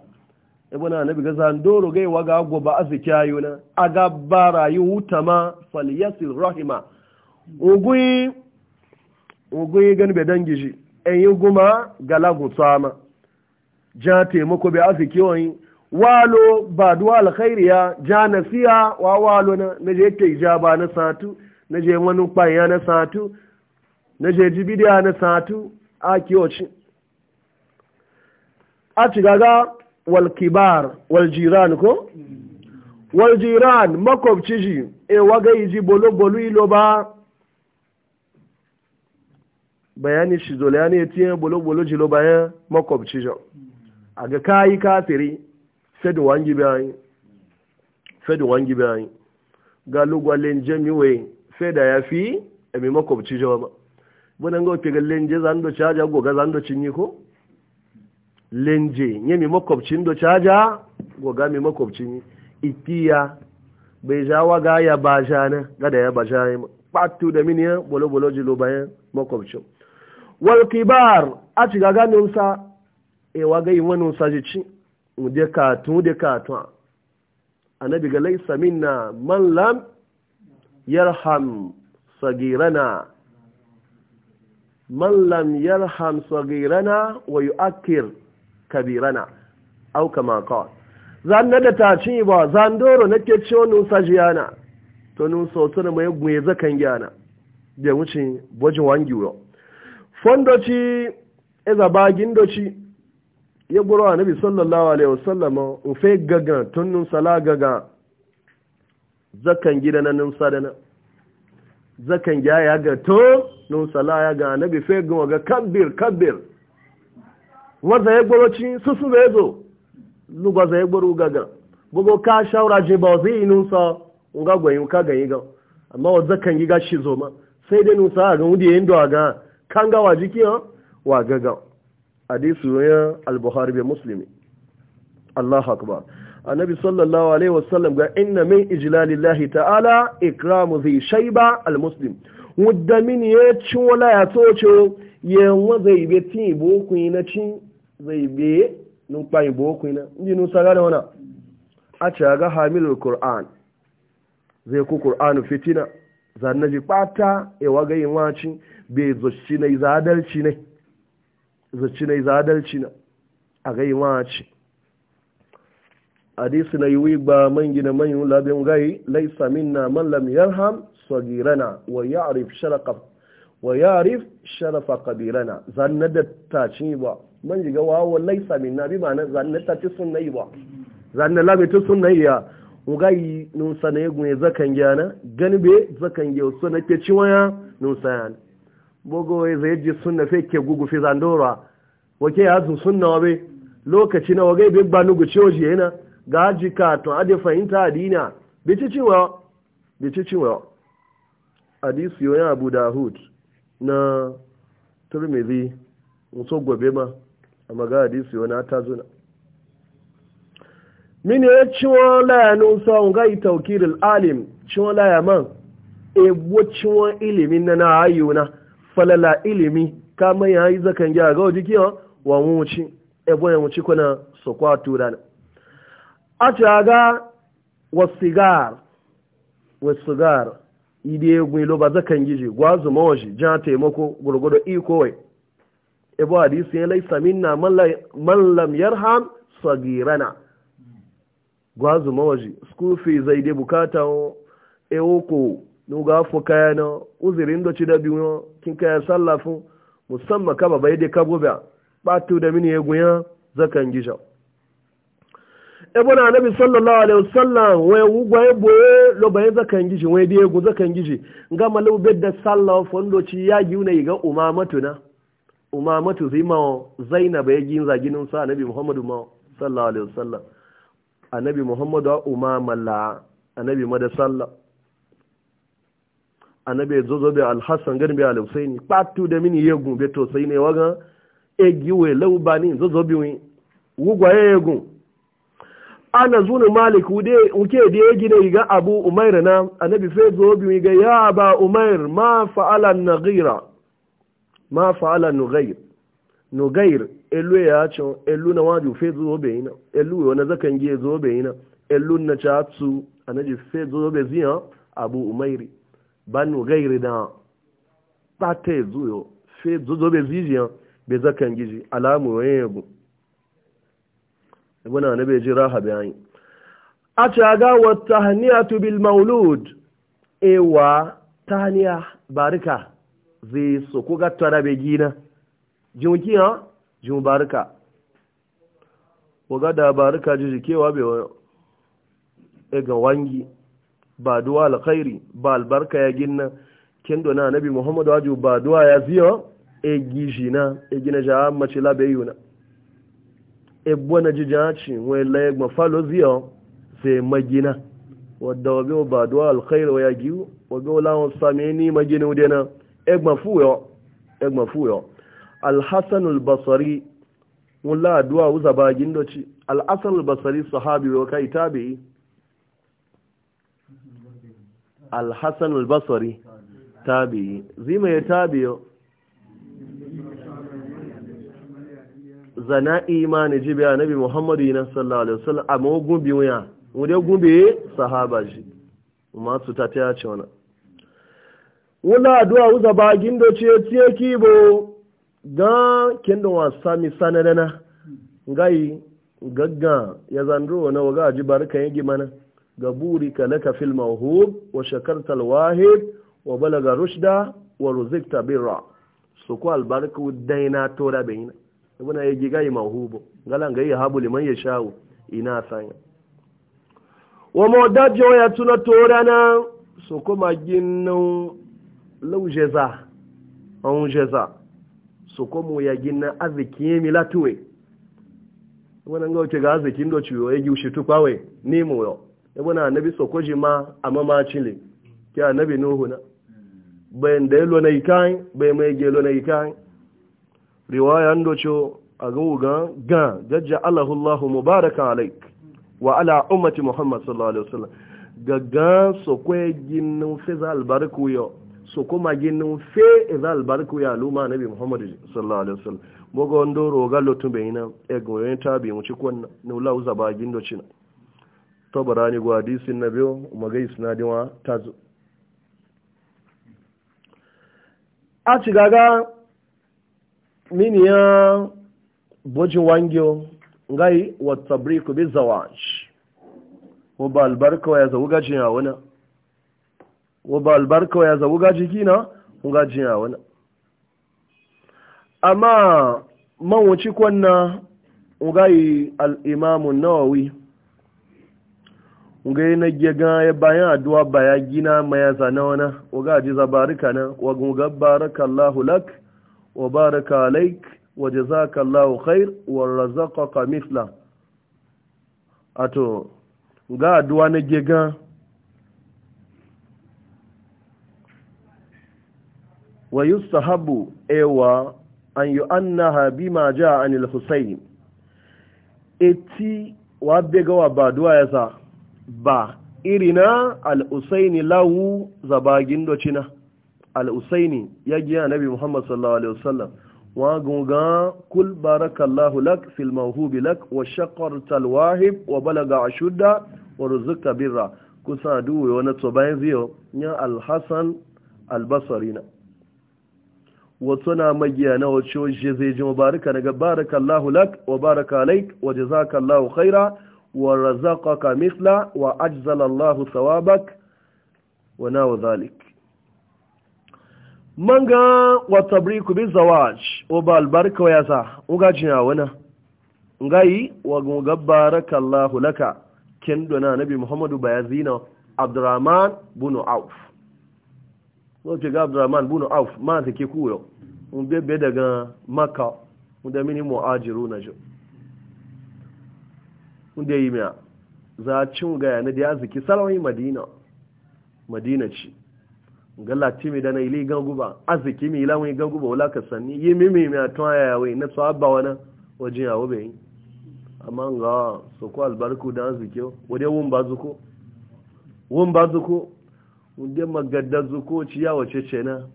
ibn annabi ga zan doro gai waga ba aziki ayuna aga bara yuta ma falyasil rahima ugui ugui gan be dangi shi en yuguma galagu tsama ja taimako bi aziki wani walo ba duwa alkhairiya ja na nasiya wa walo na na je ke ijaba na satu na je wani kwanya na satu na je jibidiya na satu a kiyoci a cigaga wal kibar wal jiran ko wal jiran makwabci ji e waga iji bolo bolo ilo ba bayani shi zola ya ne tiye bolo bolo jilo bayan makwabci jo a ga kayi kafiri fedin wangi bayan fedin wangi bayan ga lugwalen jamiwe feda ya fi a mai makwabci jawa ba bunan ga ofe lenje zan do caja goga zan do cinye ko lenje mi mai makwabcin do caja goga mai makwabcin ikiya bai jawa ga ya ba sha ne ga da ya ba sha ne patu da mini bolo bolo jilo bayan makwabcin wal kibar a ga ganin sa ewa ga yi wani sa de katun de katun annabi ga laisa minna man lam yarham sagirana man lam yarham sagirana wa yu'akkir kabirana au kama qala zan na da taci ba zan doro nake ciwo nun sajiyana to nun sautu mai gwe zakan gyana da wuce bojin wangiwo fondoci eza bagin ya gburo wa nabi sallallahu alaihi wasallam ufe gaga tunnun sala gaga zakan gida na nun sadana zakan ya ya ga to nun sala ya ga nabi fe gwa ga kabir kabbir wanda ya gburo ci su be zo lugwa za ya gburo gaga bugo ka shaura je ba zai nun sa nga gwayin ka ga yi ga amma wa zakan yi ga shi zo ma sai dai nun sa ga wudi yin do ga kan ga wa jiki ha wa gaga hadisu ya al-bukhari bai muslimi Allahu akbar annabi sallallahu alaihi wasallam ga inna min ijlalillahi ta'ala ikramu zai shaiba al-muslim wuddamin ya ci wala ya tocho yawa zai be tin boku na cin zai be nun pai boku ina ndi nun saga da wana a ci ga hamilul qur'an zai ku qur'anu fitina zannaji pata e waga yin waci be zo shi ne zadalci ne zaci na zadalci na a gai ce. hadisi na yiwu ba man gina man yiwu labin gai laisa minna man lam yarham sagirana wa ya'rif sharaqa wa ya'rif sharafa kabirana zanna da taci ba man jiga wawo laisa minna bi ma'ana zanna ci sunna yi ba zanna ta sunna yi ya ugayi nusa na yi ya zakan gyana ganibe zakan gyau sunna ke ciwaya nusa yana bogo ya zai ji fe ke gugu fi zandora wake ya zu sunna wabe lokaci na wage bi banu gu coji yana ga jika to ade fahimta adina bici cinwa bici cinwa hadisi yoyin abu dahud na turmizi so gobe ma amma ga hadisi wani ta zuna min ya ciwon layanu sa'un ga itaukir al'alim ciwon layaman ebo ciwon ilimin na na ayyuna falala ilimi kama ya yi zakan gya ga wajen kiyon wa muci ebo ya muci kuna su kwa tura a ci aga wasigar wasigar ide egwun ilo ba zakan giji gwazu mawashi jan taimako gurgudu iko wai ebo hadisi ya laisa minna man lam yarham sagirana gwazu mawashi school fee zai dai bukata ewo nuga fo kaya na uzirin da ci da biyu kin kaya sallafu musamman kaba bai da kabo ba batu da mini ya guya zakan gisha ebe na anabi sallallahu alaihi wasallam wai wugwa ya boye lo bai zakan gishi wai da yego zakan gishi nga malu bedda sallafu fondo ci ya giuna yiga umamatu na umamatu zima zainab ya gin zaginin sa anabi muhammadu ma sallallahu alaihi wasallam annabi muhammadu umamalla annabi mada sallallahu annabi zozo be alhassan gani be alhusaini patu da mini yegun be to sai ne waga egiwe laubani zozo bi wi wugwa yegun ana zuna malik wude uke da ya gina ga abu umair na annabi fe zo bi ga ya ba umair ma fa'ala nagira ma fa'ala nugair nugair elu ya cho elu na waju fe zo be ina elu wona zakan ge zo be ina elu na chatsu annabi fe zo be ziyan abu umairi banu gairi da ɓata ya zuyo fe zozo bai ya, bai zakan gizi alamu yi yabu ibuna na bai ji raha yi. a ce ga wata haniyatu bil maulud ewa taniya barika zai so ko tara bai gina jimki ya jin barika waga da barika jiji kewa bai wani ga wangi ba duwa alkhairi ba albarka ya ginna kendo na nabi muhammad waju ba duwa ya ziyo e gijina e gina ja mace labe yuna e bona jijaci we leg ma falo ziyo sai magina wadda wabe ba duwa alkhairi ya giu wabe lawo sameni magina udena e gba fuyo e gba fuyo alhasan albasri wala duwa uzaba gindoci alhasan albasri sahabi wa kai tabi'i alhassan albasari tabi'i zima ya tabiyo zana imani jibi a nabi muhammadu yi na sallallahu alaihi wasallam a mawa gumbi wuya wadda gumbi sahaba shi masu ta taya ce wani wula aduwa wuza ba gindo ce tiye kibo ga kinda wasa mi sanadana gai gaggan ya zandro na waga ji barkan yi mana ga burika laka الموهوب وشكرت الواهب وبلغ رشدا ورزقت برا rushda البرك ودينا تورا su ابن albarku جاي موهوب قال ان جاي هابو لمن يشاء ngala ngai ya ina sanya wa modajo ya tuna tora na kuma ginnu laujeza an jeza kuma ya ginna aziki milatuwe wannan ga wace ga ni yabo na annabi sokoji ma a mamacin le ke annabi nuhu na bayan da ya lona ikan bayan mai ge lona ikan riwaya ndo cho a ga ga jajja allahullahu mubarakan alaik wa ala ummati muhammad sallallahu alaihi wasallam gaga sokwe ginin fe za albarku yo so kuma ginin fe e za albarku ya luma nabi muhammad sallallahu alaihi wasallam bogo ndo roga lotun bayina egon yin tabi mu ci kwanna ne ula uza ba gindo cina tabarani go hadisin na biyu magai sinadinwa ta zo a ci gaga miniya bojin wangiyo ngai wa tabriku bi zawaj wa albarka ya zawu gajin ya wani wa ba albarka ya zawu gaji kina gajin ya wani amma man wuci kwanna ngai al-imamu nawawi ngai na gega ya bayan addu'a baya gina maya zana wana uga ji zabarika na wa baraka barakallahu lak wa baraka alaik wa jazakallahu khair wa razaqaka mithla ato ga addu'a na gega wa yustahabu ewa an yu'annaha bima jaa anil husayn eti wa bega wa baduwa sa. ba irina al'usaini lawu zabagin docina al'usaini ya giya nabi muhammad sallallahu alaihi wasallam wa gunga kul barakallahu lak fil mawhubi lak wa shakarta alwahib wa balaga ashudda wa Ruzuka birra kusa duwe wani tsobayin ziyo ya alhassan albasarina wato na magiya na wacce zai ji baraka na barakallahu lak wa baraka wa jazakallahu khaira wa razaqaka mithla wa ajzala Allahu thawabak wa nawa zalik manga wa tabriku bi zawaj o ba albarka ya sa uga jina wana ngai wa gabbaraka Allahu laka kin na nabi Muhammadu bayazina Abdurrahman bunu Auf ko ce ga Abdurrahman bin Auf ma take kuyo un bebe daga maka mun da mini mu'ajiruna inda yi miya za a cin gaya na da ya ziki salawai madina madina ci ga latimi da na ili gan guba ziki mai ilawai gan guba wala ka sanni yi mimi miya tun a yawai na su abba wani wajen yawo bai yi amma ga su ko albarku da ziki wadda wun ba zuko wun ba zuko wadda magadda zuko ciyawa ce ce na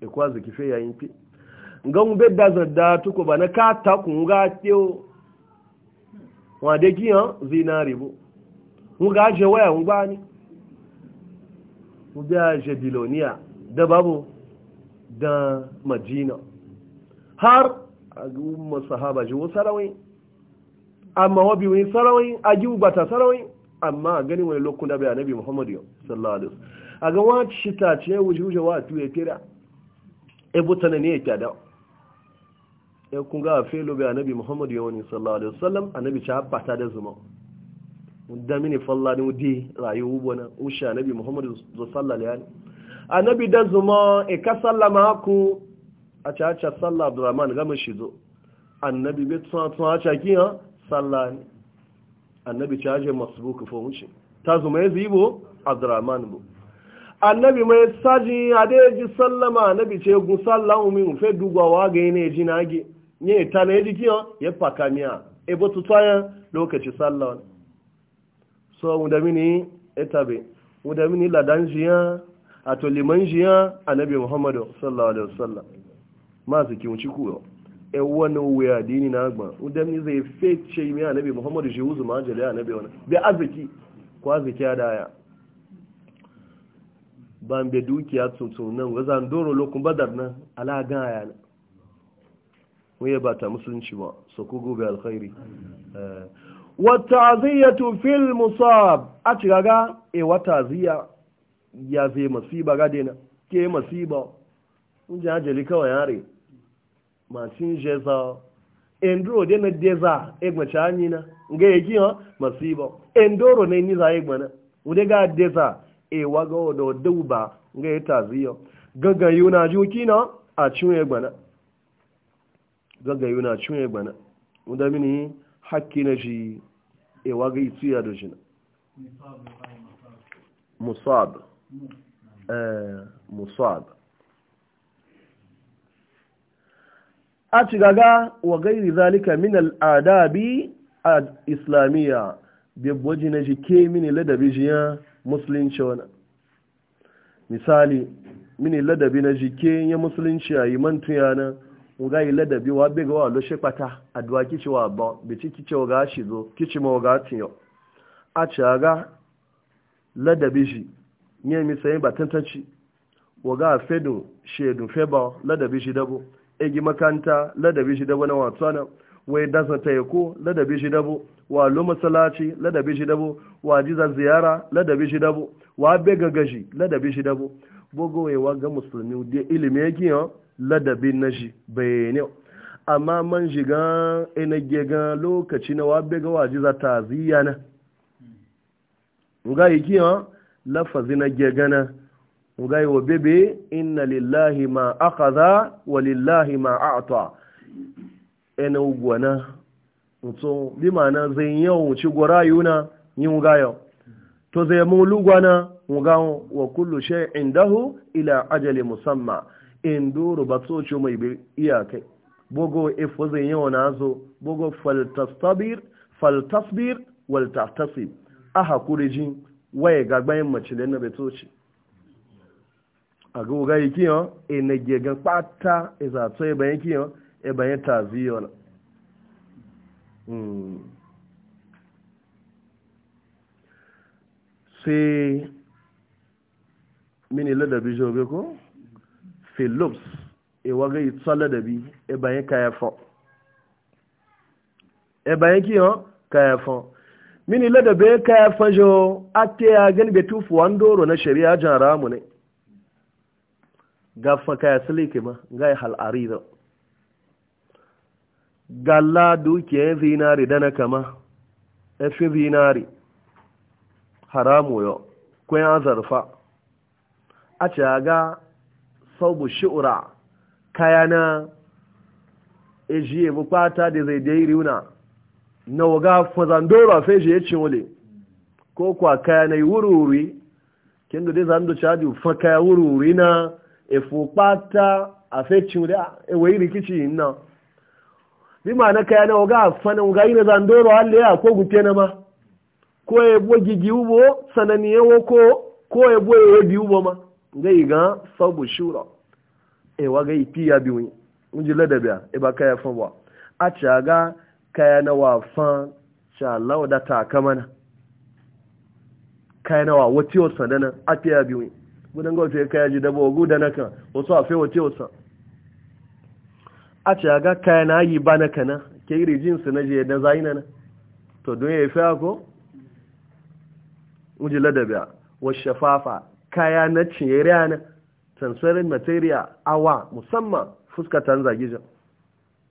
ikwa ziki fe yayin fi gan bedda zadda tuko ba na ka takun ga tiyo wa da giyan zinari bu mu ga aje waya mu ba ni mu da aje biloniya da babu da madina har a ga umma sahaba ji wa sarawin amma wabi wani sarawin a ji ubata sarawin amma a gani wani lokun da bai annabi muhammadu sallallahu alaihi wasallam a ga wa ci ta ce wuce-wuce, wa tuye kira e butana ne ya kyada ya kunga a filo bai annabi muhammad ya wani sallallahu alaihi wasallam annabi ta haɓata da zuma da mini falla ni wudi rayuwa bana usha annabi muhammad zo sallallahu alaihi annabi da zuma e ka sallama ku a ci haca sallah abdurrahman gama shi zo annabi bai tun tun haca ki ha sallani ne annabi ci haje masbuku fo wuce ta zuma ya zibo abdurrahman bu annabi mai saji ade ji sallama annabi ce gun sallah umin fe dugawa ga ne ji nage nye ta na eji kiyo ya faka miya ebo tutwaya lokaci sallah so mu da mini etabe mu da mini ladan muhammadu sallallahu alaihi wasallam ma su ki mu ci kuyo e wani na agba mu da mini zai fece mi annabi muhammadu ji uzu ma jale annabi wani bi aziki ko aziki da ya ban be dukiya tuntun nan wazan doro lokun badar nan ala ga ya waye ba ta musulunci ba so ku gobe alkhairi eh, wataziyatu fil musab a ci gaga e wataziya ya zai masiba gade na ke masiba in ji hajjali kawai yare masin jeza enduro de na deza egbace anyi na nga yaki ha masiba endoro na iniza egma na wude ga deza e waga odo duba nga ya taziya gaggan yuna juki na a cikin egma na gaga yuna cinye bana wanda mini hakki na shi ewa ga isu ya dushi na musab eh, musab a ci gaga wa gairi zalika min al'adabi a islamiyya bebwaji na shi ke mini ladabi jiya musulunci wani misali mini ladabi na shi ke ya musulunci a yi mantuya na nga yi ladabi wa bega wa loshe kpata aduwa kici wa ba bici kici wa gashi zo kici ma wa gatin yau a ci aga ladabi shi nye mi sayin ba tantanci wa ga fedun shedun feba ladabi shi dabo egi makanta ladabi shi dabo na watsana wai e dasa ta yako e ladabi shi dabo wa lo masalaci ladabi shi dabo wa jiza ziyara ladabi shi dabo wa bega gashi ladabi shi dabo bogo wai e wa ga musulmi ilimi yake yau Ladabi na shi bayani amma man shiga ina ga lokaci na wabe ga waje za ta ziya na nga yi lafazi na gegana nga yi wa bebe inna lillahi ma akaza wa lillahi ma a'ata ina ugwana to bi mana zai yau ci gora yuna yin gayo to zai mu lugwana mu ga wa kullu shay'in dahu ila ajali musamma indoro ba tsoci mai bi iyakai bogo ifozin yawa na zo bogo faltastabir faltasbir waltastasib a hakuri jin waye gagbayin macile na betoci a goga yi kiyo e na gegan pata e za to e bayan kiyo e bayan tazi na? Hmm. sai mini ladabi jobe ko philips ewa gai tsala da bi ibayen e kaya fo ibayen e ki ho kaya fo mini la da be kaya fo jo ate ya gani be tufu wandoro na shari'a jan ramu ne gafa kaya silike ma gai hal arido galla duke zinari dana kama efi zinari haramu yo kwen azarfa a ce ga saubu shi'ura kayana ejiye bukata da zai dai riuna na waga fazandora fe je cin wale ko kwa kaya na wuri-wuri kin da dai zan chadu fa kaya wuri-wuri na efu pata a fe cin wale e yi rikici na bi ma na kaya na waga fana waga ina zandoro halle ya ko gute na ma ko e bo gigi ubo sananiye ko ko e bo e bi ubo ma ga shura e waga ipi ya biyu unji ladabiya e ba kaya fan ba a caga kaya na wa fan sha lawa da takamana kaya na wa wati wasa dana a fiya biyu gudan gawa fiye kaya ji daba wa guda na kan wasu a fiye wati wasa a caga kaya na yi ba na kana ke iri jinsu na je da zai na to don ya yi fiya ko unji ladabiya wa shafafa kaya na ciyar yana sensorin material awa musamman ta zagijin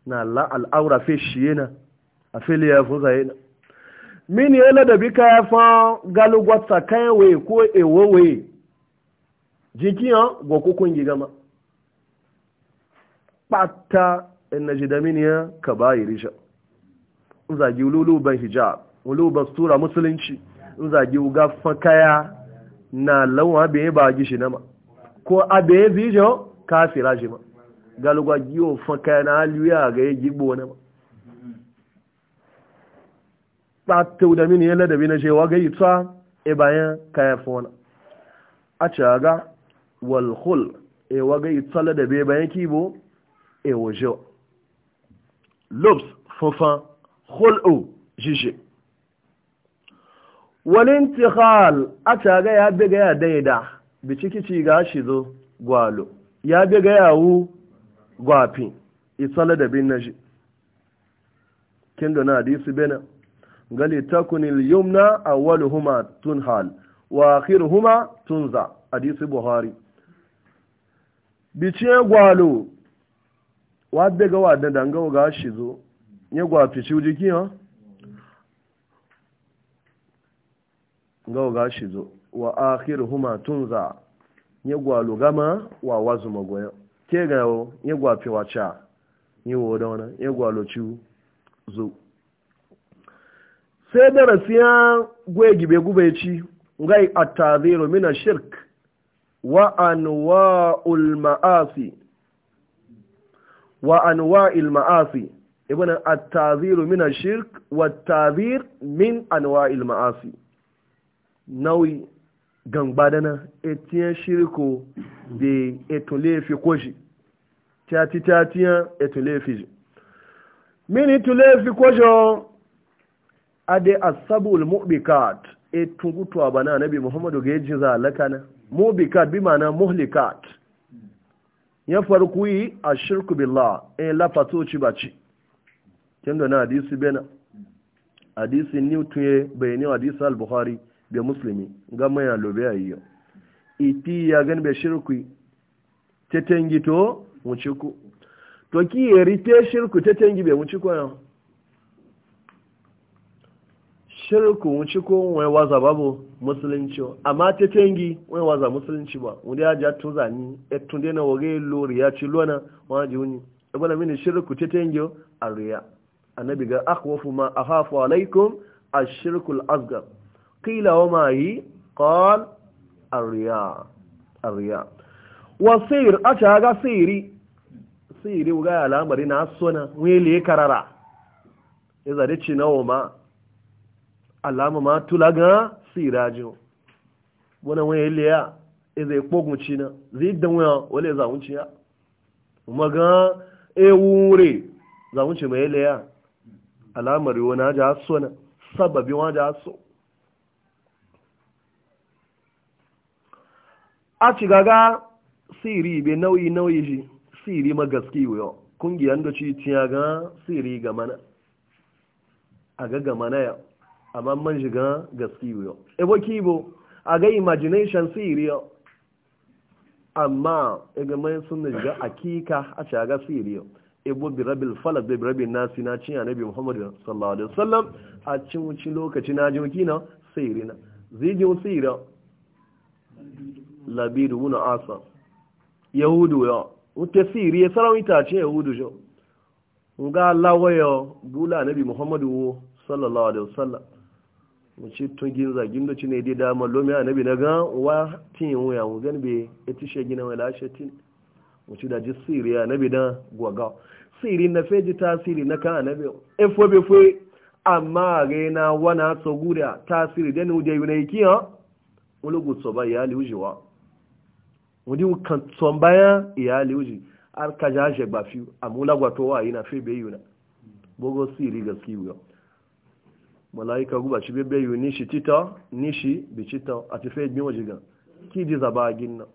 na la al'aura fi shi yana a fili ya na mini yana da bi kaya fa galugwata kayan waye ko ewowe jikiyan gwakukun gigama pata in na ji da mini ya ka bayi risha in zagi luluban hijab luluban sura musulunci in zagi fa kaya na lawan abin ba gishi na ma ko abe ya k'a kafira shi ma galgwa giyo faka na aliyu ga yi gibo wani ma ta da mini yana da bina cewa ga yi tsa e bayan kaya fona a caga walhul e waga yi tsala da bai bayan kibo e waje lobs fufan hul'u jishe walin tihal a caga ya bega ya daidai. bicikici ga shi zo gwalo ya bi ga yawu gwafi isala da bin naji kin da na hadisi bena gali takunil yumna awwaluhuma tunhal wa akhiruhuma tunza hadisi buhari bice gwalo wa ga wadan da dangawa ga shi zo ya gwafi shi jiki ha ngawa ga shi zo wa huma tunza ya gwalo gama wa wazu magoya ke ga ya gwafe wacha ni wo da na, ya gwalo ciwo zo sai darasi ya gwe gibe gube ci ngai at-tadhiru min shirk wa anwa'ul ma'asi wa anwa'il ma'asi ibn at-tadhiru min ash-shirk wat-tadhir min anwa'il ma'asi nawi gangbadana dana e etiyan shiriko da etun fi koji ti atiyan etun fi ji mini tun fi kojo ade asabul mubikat etun gutuwa bana nabi muhammadu ga yajin za lakana mubikat bi mana muhlikat ya farko yi a shirku billah in e lafato ci baci kin na hadisi bena hadisi newton ya bayani hadisi al-bukhari be musulmi ga maya lobe ayi iti ya gan be shirku tetengi to muciku to ki erite shirku tetengi be muciku ya shirku muciku wai waza babu musulunci amma tetengi wai waza musulunci ba wanda ya ja tuza ni etunde na wage lori ya ci lona waje wuni ibana mini shirku tetengi ariya annabi ga akhwafu ma ahafu alaikum a al asgar. قيل وما هي قال الرياء الرياء وصير أشاغا سيري سيري وغاية الأمر ناسونا ويلي كرارا إذا ريتش نوما alama ma tulaga sirajo wani wani liya eze kpogun cina zai dan wani wale zaunci ya maga ewure zaunci mai liya alamari wani aja sona sababi aja a ci gaga siri be nauyi nauyi shi siri ma gaske wuyo kungiyar da ci tiya ga siri ga mana a ga ga mana ya amma man shiga gaske wuyo ebo kibo a ga imagination siri yo amma e ga mai sunna shiga akika a ci ga siri yo ebo bi rabil falak bi nasi na cin annabi muhammadu sallallahu alaihi wasallam a cin wuci lokaci na jimki na siri na zai ji siri labidu muna asa yahudu ya wuce siri ya sarar itace yahudu jo nga yo bula nabi muhammadu wo sallallahu alaihi wasallam mu ci tun gin zagin ci ne dai dama lomi nabi na ga wa tin wuya mu gan be ita she gina wala she tin mu ci da ji siri nabi da gwaga siri na feji tasiri na kan nabi e fo be fo amma ga na wana so guda tasiri da ni uje yuna yiki ha ulugu so ba ya liujiwa wani kan tsambaya iyali wuji an ka ja shi ba fi amma lagwato wa yana fi bayu na bogo siri gaski wuyo malaika guba shi be bayu ni shi tita ni shi a ti fe gbin waje ga ki di zaba ginna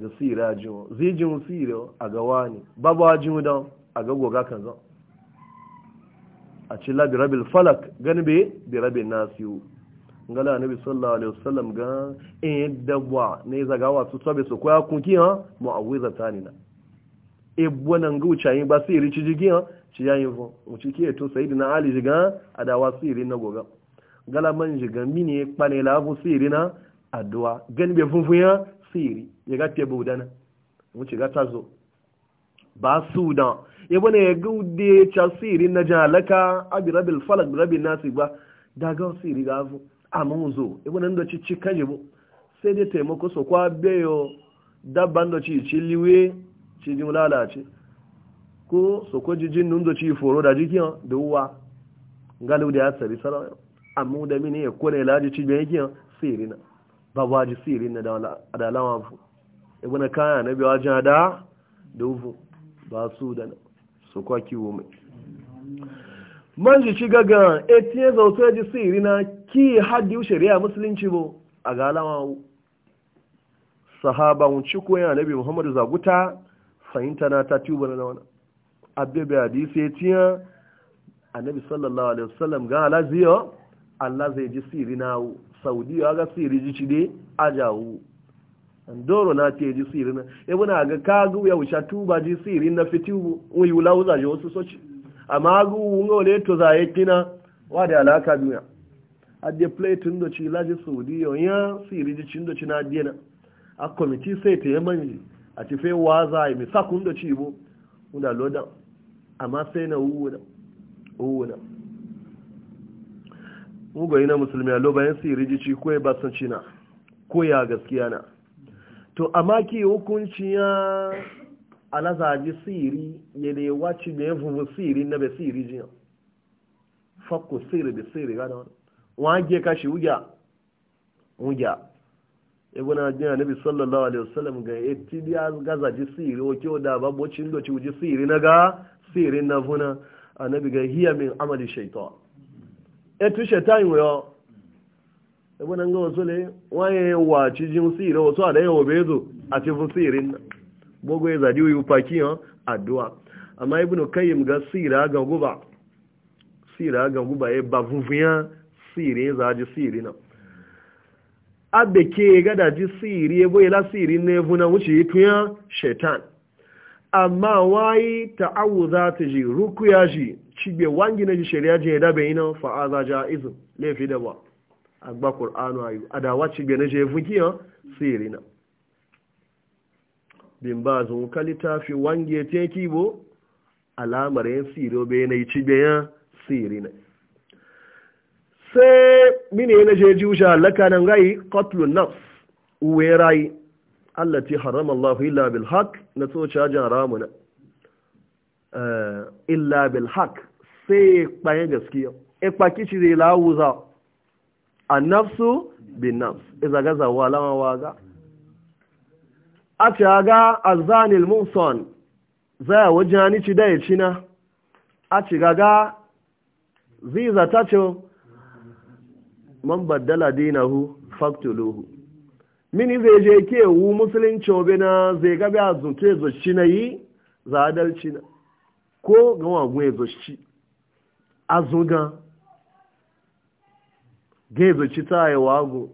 ga sira jiwo zijin siro a ga wani babu ajin da a ga goga kan a ci labi rabil falak gani be bi rabin nasiyu ngala nabi sallallahu alaihi wasallam ga in eh, dabwa ne zaga wa su sabe su kwa kun ki ha mu'awiza tanina e bona ngu yin ba siri chijigi ha ciyayin fo mu cike to na ali jiga adawa siri na goga ngala man jiga mini e kpane la fu siri na adwa gani be funfun ya siri ya ga te budana mu ci ga tazo ba sudan ya e, bona ya e gude cha siri na jalaka abirabil falak rabin nasi ba daga siri ga fu a manzo ibn da ci ci kaje bu sai dai taimako so kwa beyo dabban da ci ci liwe ci jin lalace ko so ko jijin nun da ci foro da jikin da uwa galu da ya sabi sala amma da mini ya kone laji ci ben yakin sirina babu ji sirina da da lawa fu ibn kaya na biwa jada da ufu ba su da so kwa kiwo mai manji ji ci gaga etiye zautu ya ji sirina ki haddi shari'a musulunci bo a ga alama sahaba mun ci yana annabi muhammadu zaguta fahimta na ta tuba na wannan abbe bi hadisi ya tiya annabi sallallahu alaihi wasallam ga alaziyo allah zai ji siri na ya ga siri ji ci dai ajawu na ce ji siri na e na ga kagu ya wuce tuba ji siri na fitu wi wula wuza ji wasu soci amma gu ngole to za ya kina wa da alaka duniya adde plate ndo ci laji saudiya ya siri ji cin do ci na diena a committee sai ta yaman a ti fe waza yi mi sakun do ci bo unda loda amma sai na wuwa wuwa mugo ina musulmi a lobayin siri ji ci ko ba san cina ko ya gaskiya na to amma ki hukunci ya alazaji siri ya ne wace da ya siri na bai siri jiya fakko siri da siri gada wani wage kashi wuya wuya ibn ajin anabi sallallahu alaihi wasallam ga etidi gaza ji siri o kyo da babo chindo ci uji siri na ga siri na vuna anabi ga hiya min amali shaytan etu shaytan yo ibn an ga wasole waye wa ci jin siri o so da yo bezo a ci fu siri na bogo ya zadi uyu paki yo addu'a amma ibn kayyim ga sira ga guba sira ga guba e bavuvian siri za ji siri na abe ke gada ji siri ebo ila siri na evu na wuce tuya shetan amma wayi ta'awuza ta ji rukuya ji cigbe wangi na ji shari'a ji da bai na fa'aza ja izin laifi da ba agba qur'anu ayu adawa cigbe na je fuki ya siri na bin ba zun kalita fi wangi te kibo alamar yin siri obe na yi ya siri na sai mine na je jiwusha laka nan gai qatlun nafs uwe rai allati harama Allah illa bil haqq na so ajin ramuna eh, illa bil haqq sai kpaye gaskiya e kpaki ci zai lawuza an nafsu bin nafs iza e gaza walama waga a ci ga azanil munson zai wajani ci da ya cina a ci gaga ziza ta ce man baddala dinahu faktuluhu mini zai je ke wu musulunci obi na zai gabi a zunce zoci na yi za adalci na ko ga wagun ya zoci a zuga ga ya zoci ta yi wago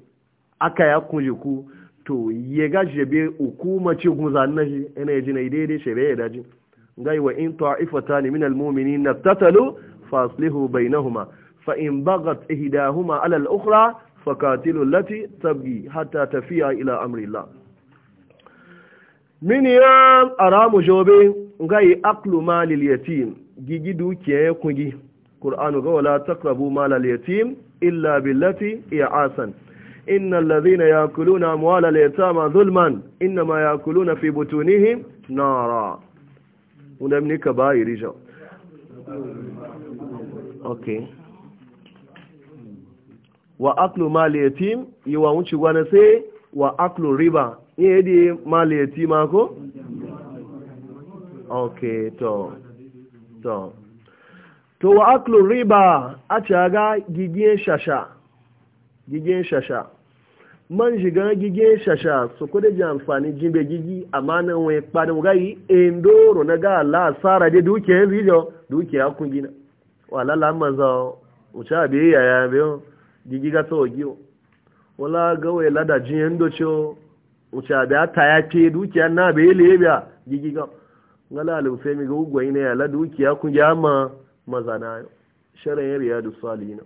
aka ya kunji ku to ya ga shebe hukuma ce za na shi yana yaji na idai daidai shebe ya daji ngai wa in ta'ifata ne min al-mu'minin na bai faslihu bainahuma فإن بغت إهداهما على الأخرى فقاتلوا التي تبغي حتى تفيها إلى أمر الله من يام أرام جوبي غي أقل مال اليتيم جيجي دوكي يكونجي قرآن ولا تقربوا مال اليتيم إلا بالتي هي عاسا إن الذين يأكلون أموال اليتامى ظلما إنما يأكلون في بطونهم نارا ونمني كبائر جو أوكي okay. wa aklu mali yatim wa wuce gwana sai wa aklu riba iya yadda mali yatima ko? ok to to to wa aklu riba a caga gigiyen shasha gigiyen shasha man shiga gigiyen shasha su kuda ji amfani jimbe gigi amma nan wani kpanin gayi endoro na ga ala da dukiya zijo dukiya kun gina wa lalama za wuce abe yaya biyu gigiga ta wagiyo wala gawai lada jiyan doce wuce abiya ta ya ce dukiya na be ile biya gigiga ngala alufai mi ga ugwai ne ala dukiya kun ya ma mazana sharan ya riya da salina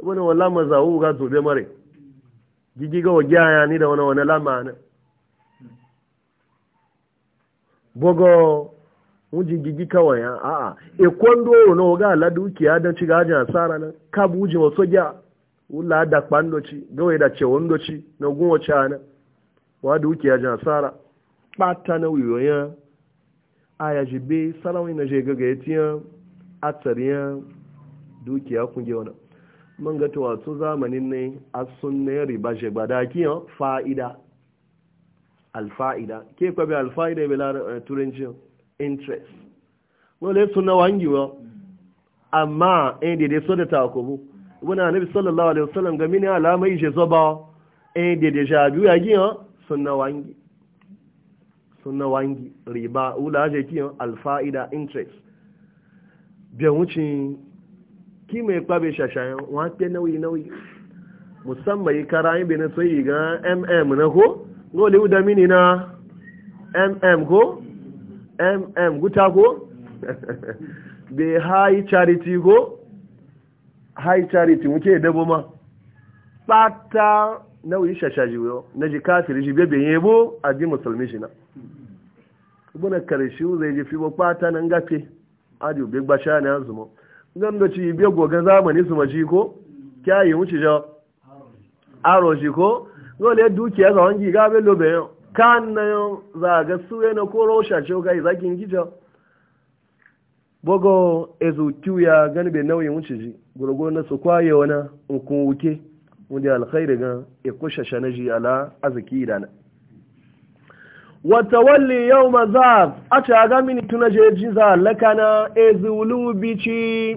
wani wala mazawu ga zobe mare gigiga wagiya ya ni da wani wani lama na bogo wujin gigi kawai a'a e kwando na waga ala dukiya don ci gajin asara na kabu wujin wasu gya wula da kpandoci gawai da cewondoci na gunwa cana wa dukiya ji sara ɓata na wiyoyin aya ji be sarawai na je ga ya tiyan atsariyan dukiya kunge wani man gata wasu wato zamanin ne a sunne riba ba da kiyan fa'ida alfa'ida ke kwabe alfa'ida bela eh, turanci interest wale suna wangiwa amma inda eh, dai so da takobu wani anabi sallallahu alaihi wasallam ga mini alamai je zoba eh de deja biyu ya gina suna wangi wangi riba wula je kiyan alfaida interest biyan wuce ki mai kwabe shashayen wa pe nauyi nauyi musamman yi kara yin benin soyi ga mm na ko le wuda mini na mm ko mm guta ko bai hayi charity ko high charity muke dabo ma fata nauyi shashaji yo na ji kafiri ji bebe yebo a ji musulmi shi na buna karshe zai ji fibo fata na ngafe adi ube gbasha na zuma gan da ci be zamani suma maji ko kyayi wuce ja aro shi ko gole dukiya ga wangi ga be lobe yo kan na yo za ga suwe na ko rosha ce ga zakin gija bogo ezu tuya gan be nauyin wuce ji gurgu na su kwaye wani in wuke wanda alkhairu gan ya kusha shanaji ala arziki idana wata walli yau mazab a ce a ni tuna jeji za lakana na ezulu bici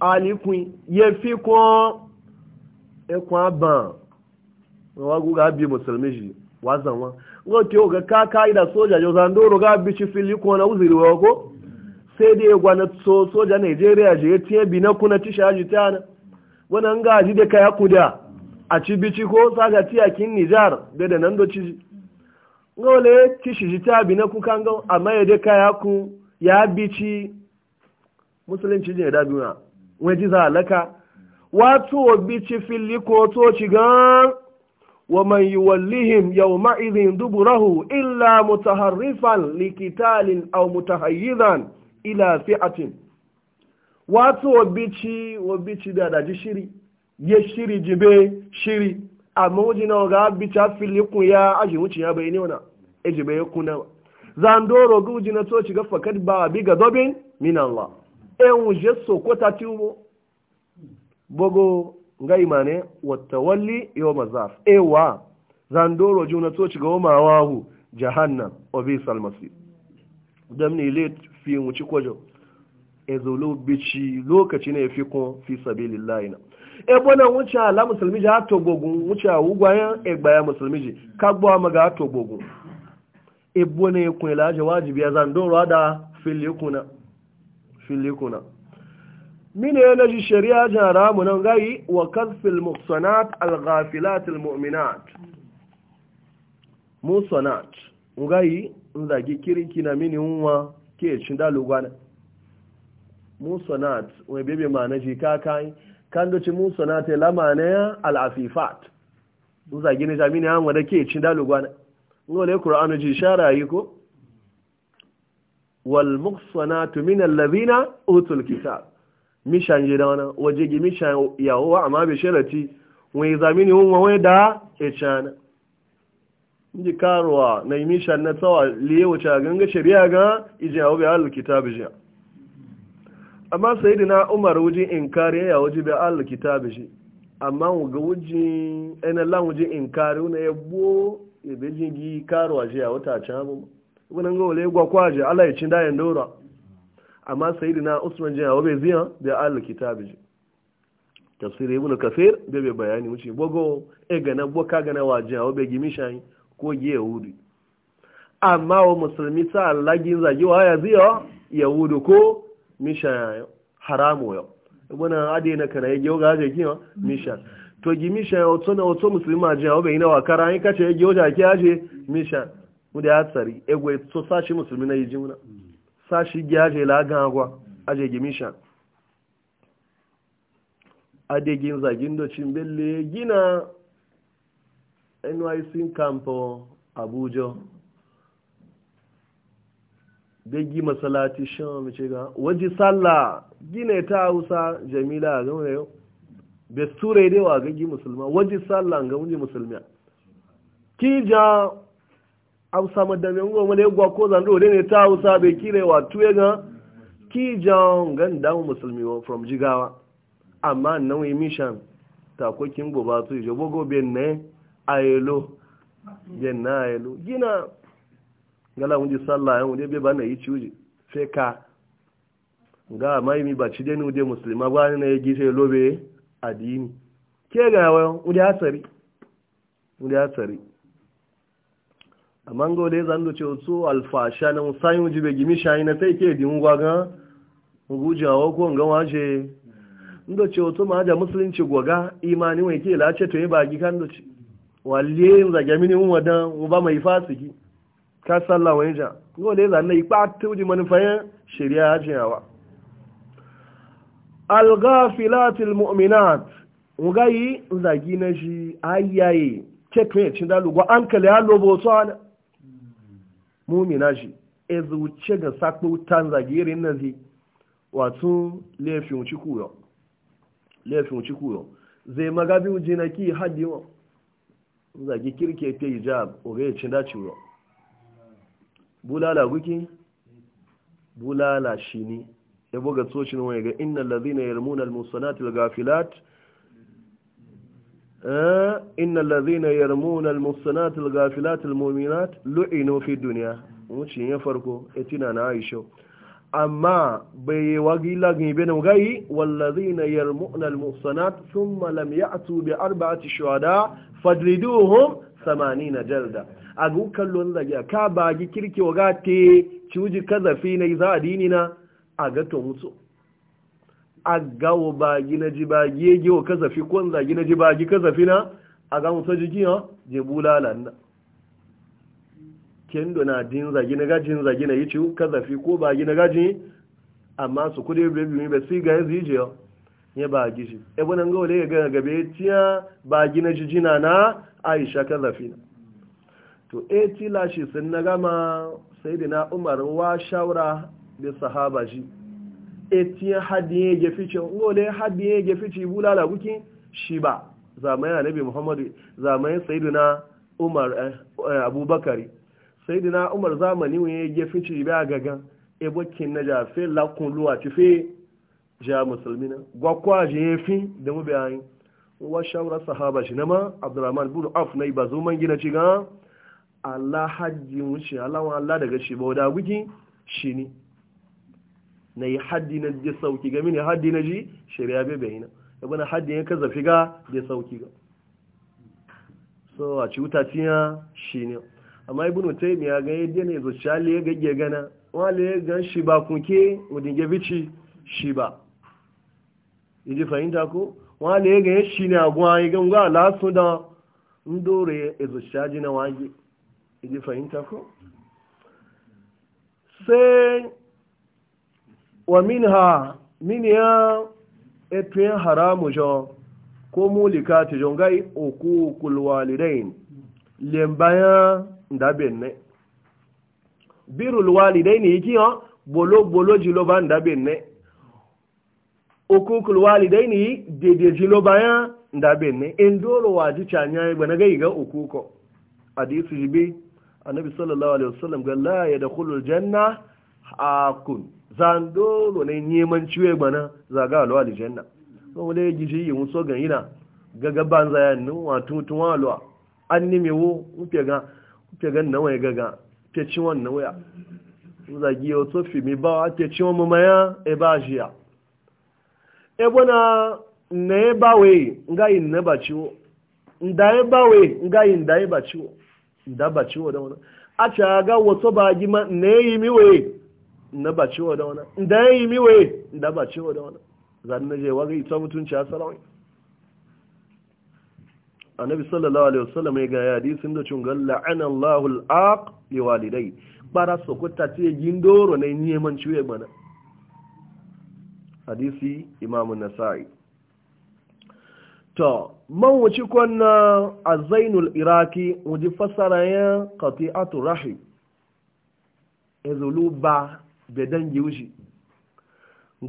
alikun ya fi kun ikwa e aban wa guga bi musulmi ji wazanwa wọ́n tí ó ga káàkiri soja yóò zandoro ga bici fili na uziri wa ko sai dai gwana soja Najeriya je tiye bi na kuna ci shaji ta na wannan an gaji da kaya kuda a ci bici ko saka tiya kin Nijar da da nan do ci ngole ci shi ta bi na kuka ga amma ya da kaya ku ya bici musulunci ne da duniya Wani za laka wato bici fili ko to ci gan ومن يولهم يومئذ دبره إلا متحرفا لقتال أو ila fi'atin watu obici obici da daji shiri ye shiri jibe shiri amma wuji na ga bici afili ya aji wuci ya bai ne wana eji bai kuna zandoro ga wuji na toci ga fakad ba bi ga zobin min Allah en wuje sokota tiwo bogo nga imane watawalli yawma zaf ewa zandoro na toci ga wahu jahannam obisal masjid damni late fi wuci kwajo e zolo bici lokaci ne fi kun fi sabilillahi na e bona wuce ala musulmi ji ato gogun wuce ugwayen egbaya musulmi ji kagbo amaga ato gogun e bona e kun ilaje e wajibi ya zandoro da filikuna filikuna mine yana ji shari'a jin haramu nan gayi wa kasfil muhsanat al-ghafilat al-mu'minat muhsanat Ngai in zagi kirki na mini unwa ke cin dalu gwana musonat wai bebe mana ji kai kan ci musonat la lama na ya al'afifat sun zagi na jami an wada ke cin dalu gwana ngole qur'anu ji shara yi ko wal muhsanatu min allazina utul kitab mishan je da wani waje gi mishan yawo amma be sharati wai zamini hun wai da e chana ndi karuwa na imisha na tsawa liye wuce a ganga shari'a ga ijin abu bai alkita amma sai na umar wujin inkari ya waje bai alkita bijin amma ga wujin ɗanar lan wujin inkari na yabo ya bai karuwa ji a wata can bu wani ga wale gwa ji ala ya cin dayan dora amma sai na usman jin ya ibn kafir bayani bogo e gana boka gana ko yahudi amma wa musulmi ta allagin zagi wa ya ziyo yahudu ko mishan haramu yau ibuna adina kana ya gyo gaje kin mishan to gi mishan oto na oto musulmi aje wa bai na wa kara in kace ya gyo da ki aje mishan mu da egwe to sashi musulmi na yiji muna sashi gyaje la gangwa aje gi mishan adegin zagin do cin belle gina nyc campo abuja begi masalati shan mace ga waje sallah gina ta hausa jamila a gama yau besture dai wa gaggi musulma waje sallah ga wuje musulmi kija hausa madamin goma da yagwa ko zando dai ne ta hausa bai kire wa tuwe ga kija gan damu musulmi wa oh, from jigawa amma nan wai mission takokin gobe su ijo gobe ne ayelo yenna ayelo gina ngala wunji sallah yan wunje be bana yi uji feka nga mai mi baci deni wunje musulma ba ne ya lobe adini ke ga wa wunje asari wunje asari amma ngo le zan do alfasha na musayin wunje be gimi shayi na sai ke di ngwa ga ngujawo ko ngawa je ndo ce to ma da musulunci goga imani wai ke lace to yi bagi kan wale zage mini mun wadan wọ́n mai fasiki ka sallah wani ja ko le zan nayi ba tuji manufayan shari'a jiyawa al-ghafilatil mu'minat ugayi zagi na shi ayaye ke kun cin dalu go an kale hallo bo so mu'mina shi e zuce ga sakpo tan zagirin nazi wato lefin uci kuyo lefin uci zai zagi kirke ta hijab oga ya ci dace wa bulala guki bulala shi ne ya buga tsocin wani ga inna lazina yarmuna ramunan musanatul gafilat إن eh? الذين يرمون ramunan musanatul gafilatul mominat lu'inofi duniya wucin ya farko ya tina na aisho amma bai wagi lagin bin gai wallazina yarmuna almuhsanat thumma lam ya'tu bi arba'ati shuhada fadriduhum 80 a agu kallon a ka bagi kirki waga te ciuji kazafi yi za dini na ga to mutu a ga wa bagi na ji bagi yege wo kazafi kon zagi na ji bagi kazafi na a ga mutu jiki ha je bulalan na kendo na din zagi na gajin zagi na yici kazafi ko ba gi na gaji amma su kudi bibi mi ba si ga yanzu yije ya ba gishi e bonan ga wale ga gabe tiya ba na jijina na Aisha kazafi na to e ti lashi sun na gama sayyidina Umar wa shawara da sahaba shi e tiya hadiye ge fice ngole hadiye ge fice bulala guki shi ba zamanin Annabi Muhammad zamanin sayyidina Umar eh, eh, abubakar. sai dina umar zamani wani ya gefe ci ribe a gagan ebokin na jafe lakun luwa ci fi ja musulmi na gwakwa ji ya fi da mu bayan wa shawara sahaba shi na ma abdurrahman bin af na iba zo man gina ci ga allah hajji wuce allah wa allah daga shi ba wada wiki shi ne na yi haddi na je sauki ga mini haddi na ji shari'a bai na ya na haddi ya kaza ga je sauki ga so a ci wuta tiya shi ne amma ibn taymi ya ga yadda ne zuciya ya gage gana wale gan shi ba kunke udin ge bici shi ba idi fahimta ko wale ga shi ne agwa ya gan ga la da ndore zuciya ji na waje idi fahimta ko sai wa minha min ya etun haramu jo ko mulika ti jongai okukul walidain lembayan ndaben ne birul walidaini yiki ha bolo bolo jiloba ndabenne ndaben ne ukukul walidaini dede jilo ba ya ndaben ne endoro waji chanya ba na gai ga ukuko hadisi jibi annabi sallallahu alaihi wasallam ga la yadkhulul janna akun zandoro ne neman ciwe bana zaga alwa janna ko wale gishi yi muso ganina gaga banza ya nu wa tutun alwa an nimewo mu pega ke gan nawa gaga ke ci wannan waya zagi yau tsofi mi ba ke ci mu mamaya e ba jiya e ya e ba nga ba ciwo ya e ba nga e ba ciwo ba ciwo da a ci ga wato ba gi ma ya e yi mi wai na ba ciwo da wani da yi mi ba ciwo da mutunci a annabi sallallahu alaihi wasallam ya ga hadisin da cungan la'ana Allahu al-aq li walidai bara so ko ta ce gindoro ne neman ciwe bana hadisi imam an-nasa'i to man wuci kwanna azainul iraki wuji fasara ya qati'atu rahim ezulu ba bedan giwushi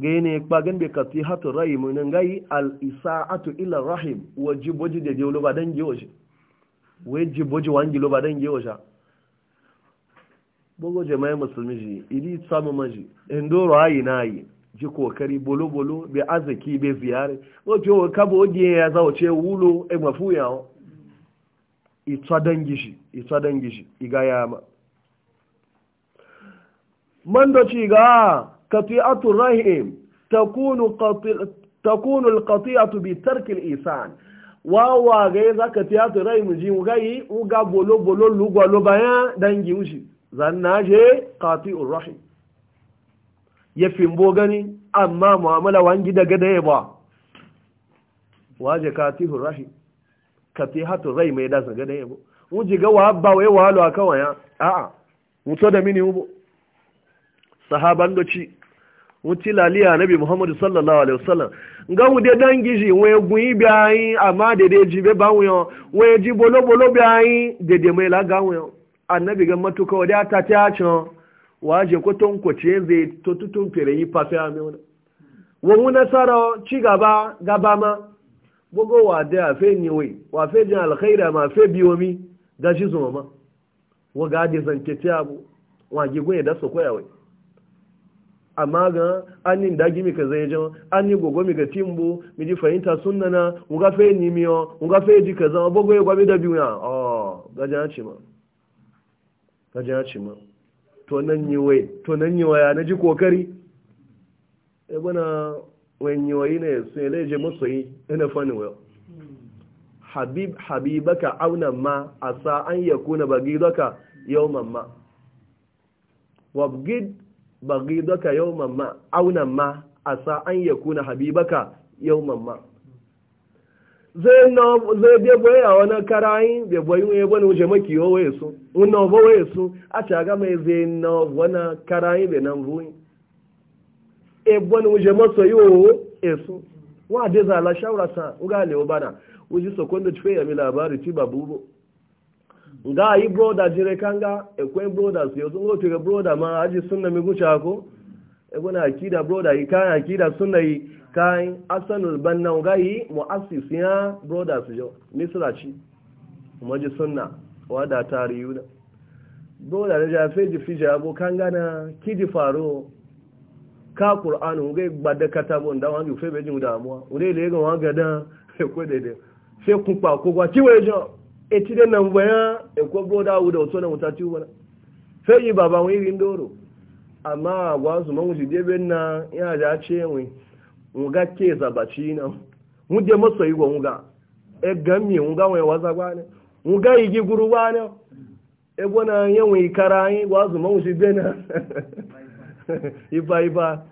gane kpagan bai kasi hatu rai mun nan gai al isa'atu ila rahim waji boji da jelo ba dan gewo shi waji boji wangi lo ba dan gewo sha bogo jama'a musulmi ji ili samu maji endoro ayi na ayi ji kokari bolo bolo be azaki be ziyare o jo kabo odiye ya zawo ce wulo e mafu yawo itsa dangi shi itsa dangi shi iga yama mando ci ga قطيعة الرحم تكون قطيعة تكون القطيعة بترك الإيسان wawa ga ya zaka tiyata rai mu ji gai uga bolo bolo lugwa lo baya dangi ushi zanna je qati'ur rahim ya fimbo gani amma mu'amala wangi daga da yaba waje qati'ur rahim katihatu Rahim mai da zaga da yabo uji ga wa ba wai walo akawaya a'a muto da mini ubo sahaban doci wuti laliya nabi muhammad sallallahu alaihi wasallam nga wude dangiji we gun bi ayi ama dede jibe ba wuyo we ji bolo bolo bi ayin dede mai e la ga wuyo annabi ga matuka wada ata ta cho waje ko ton ko ce zai to tutun fere yi fafe ami mewa wo mun saro ci gaba gaba ma gogo wa a fe ni we wa fe jin alkhaira ma fe biyomi da shi zuma ma wa ga de ke ti abu wa gi gun e da so koyawai. amma ga an nin dagi mi ka zai jan an ni gogo mi ga timbo mi ji fahimta sunna na mu ga fe ni miyo mu ga fe ji ka zama bogo ya gwabi da biyu na oh ga jan ci ma ga jan ci ma to nan yi wai to nan yi waya na ji kokari e bana wani yi wai ne su ne je masoyi ina e fani wayo habib habibaka auna ma asa an yakuna bagidaka yawman ma wabgid bagidaka yawman ma auna ma asa an yakuna habibaka yawman ma zai na zai bai boye a wani karayi da boye mai bane wuce maki yau waye su unna ba waye su a caga mai zai na wani karayi da nan buyi e bane wuce maso yau e su wa za zala shawara sa uga lewa bana wuce sokondo cife ya mi labari ci babu nga yi broda jire kanga ekwen broda su yanzu ngo tire broda ma aji sunna mi gucha ko ebona akida broda yi kan akida sunna yi kan asanul banna nga yi muassis ya broda su jo misra ci ji sunna wada tariyuna broda ne ja feji fija abo kanga na kidi faro ka qur'an nga gbadda katabo nda wangi febe jin damuwa ure le ga wanga da (laughs) ekwe dede se kun pa ko gwa kiwe jo eti na nan baya ekwa broda wuda wato na mutati wala feyi baba wani irin doro amma gwa su man wuce debe na ya da ce wi nga keza e zabaci e na mu (laughs) e je maso yi gonga e gammi nga wani waza gwa ne nga yi guru gwa ne na bona yawan ikara yi gwa su man wuce bena iba iba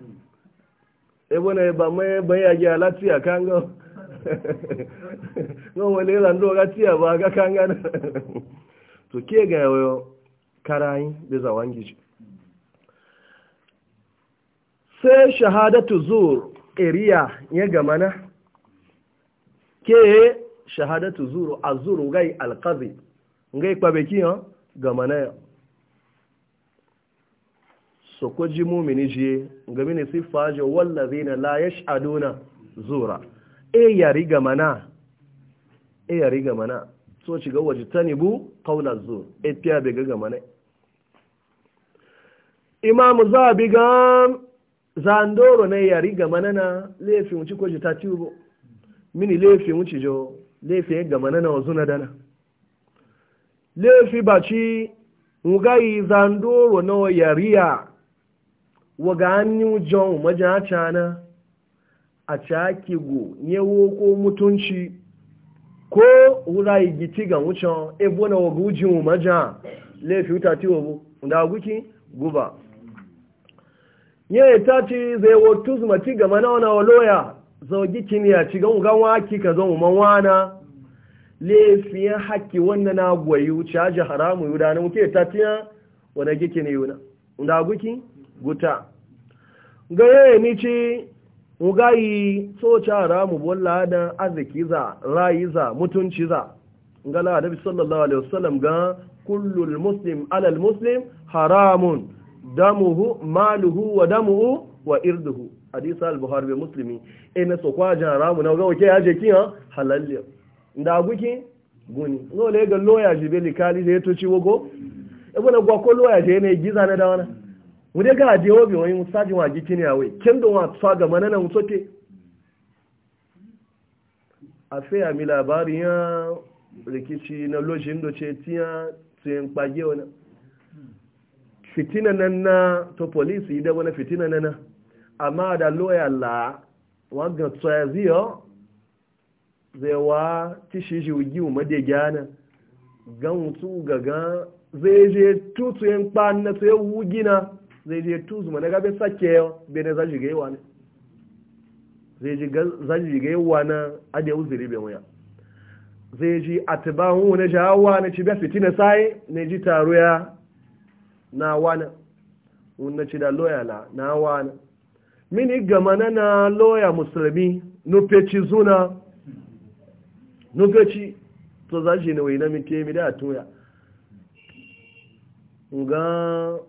e bona ba mai bayagi a lafiya kan gawa (laughs) no wale zan do ga tiya ba ga kan gana (laughs) to ke ga yawo karayi da gici sai shahadatu zur eriya ya gama na ke shahadatu zur azuru gai alqazi ngai kwabe kiyo gama na so ko ji mumini je ga mini sifa je wallazina la yash'aduna zura e eh, yari ga mana e eh, yari ga mana so shiga waje tanibu qawla zur e eh, tiya be ga mana imam bi ga zandoro na yari ga mana na lefi mu ci ta ci bu mini laifin wuce jo laifin ga mana na wazuna dana laifin ba ci ngai zandoro no yariya waga anyu jon majacana a caki go yewo ko mutunci ko wura igiti ga wucin ebo na wagu jin umaja lefi wuta ti wabu da guki guba yayi ta ci zai wotu zuma ci gama na wani waloya zaugi kimiya ci gan gan waki ka zan uman wana lefiyan haki wannan na gwayu caji haramu yuda na muke ta tiya wani giki ne yuna da guki guta ga yayi ni ci ugayi so cara ramu bolla da arziki za rayi za mutunci za ngala nabi sallallahu alaihi wasallam ga kullu muslim alal muslim haramun damuhu maluhu wa damuhu wa irduhu hadith al-bukhari be muslimi so kwa ja ramu na ga wake yaje kiyan halalli Da guki guni ngole ga loya jibeli likali da yato ci wogo e bona gwa ko loya je ne giza na da wana wuri ga a wa bi wani musajin wa giki ne awai kin don wa tsa ga manana musoke a sai a mi labari ya rikici na lojin da ce tiya tsayin kpage wani fitina nan na to polisi yi da wani fitina nan na amma da loya la wanga tsaya ziyo zai wa tishi jiwugi umade gyana gan mutu gaga zai je tutu yin kpan na tsaye wugina zai je tuzu daga gabe sake yau bene za shiga yawa ne zai ji ga shiga yawa na adiya uzuri bai wuya zai ji atibahu ne jawa na ci bai fitina sai ne ji taro ya na wana wunna ci da loya la na wana mini gama na na loya musulmi nufeci zuna nufeci to zaji shi ne wai na mike mi da tuya nga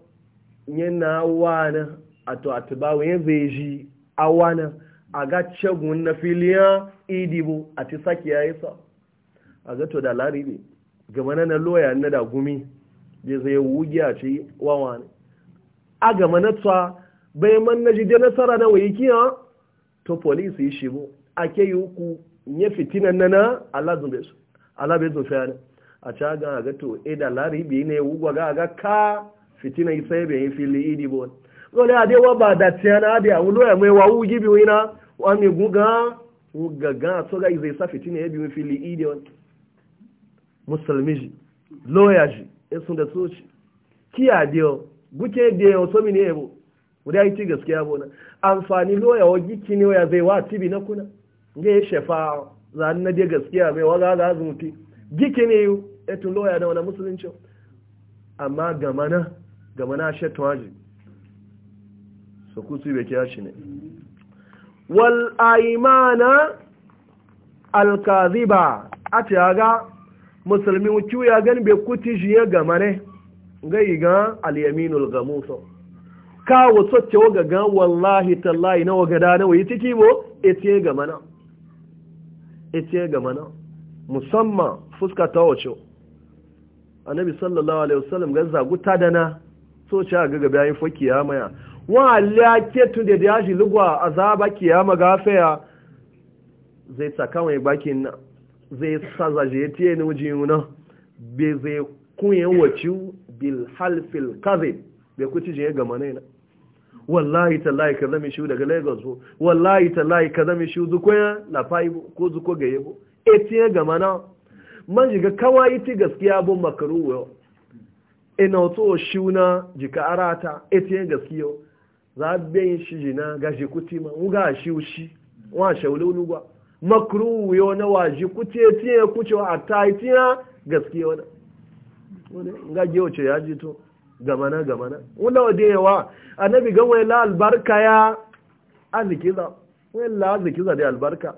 yana wana a to atibawa yin zai ji a wana a ga cegun na filiyan idibo a ti saki ya yi sa a ga to da laribe gama na na loya na da gumi da zai wuge a ce wa ne a gama na tsa bai man na jide nasara na wai kiya to polisi yi shi bu a ke yi uku nye fitina na na alabezu ne a ci a ga to e da laribe ne wugwa ga ga ka fitina isa ebe yin fili idi bo gole ade wa ba da tiana ade awun lo me wa wu gibi wina wa mi guga guga to ga izai isa fitina ye bi mi fili idi on musulmiji ji. esun da soci ki ade o guke de o so mi ne bo guda yi ci gaskiya bo na amfani loya wa giki ne ya zai wa tibi na kuna nge shefa zan na de gaskiya mai wa ga ga zumuti giki ne yu etu loya da wani musulunci amma ga mana gama na shatun haji su kutu bai kira shi ne wal aimana alkaziba a ce ga musulmi wuce ya gani bai kuti shi ya gama ne gai ga alyaminul gamuso kawo wato ce waga ga wallahi tallahi na waga da na ciki bo etiye gama na etiye gama na musamman fuska ta wace annabi sallallahu alaihi wasallam ga zagu ta dana. so ci a gaga bayan fa kiyama ya wa la ke tun da ya shi lugwa azaba kiyama gafaya zai tsaka mai bakin na zai saza je tiye ni wujin na be zai kunyen waciu bil halfil kadhib be kuci je ga na wallahi tallahi ka zame shi daga lagos bo wallahi tallahi ka zame shi zuko ya na fai ko zuko ga yebo etiye ga mana man shiga kawai ti gaskiya bo makaru ina to wuna jika arata etiye gaskiyo za ben shi jina gashi ma nga shi ushi wa shaule ulugwa makru yo na waji kutie tiye kuce wa ataitiya gaskiyo na nga je ce ya jito gamana gamana wala yawa annabi ga wai la albarka ya azikiza wai la azikiza da albarka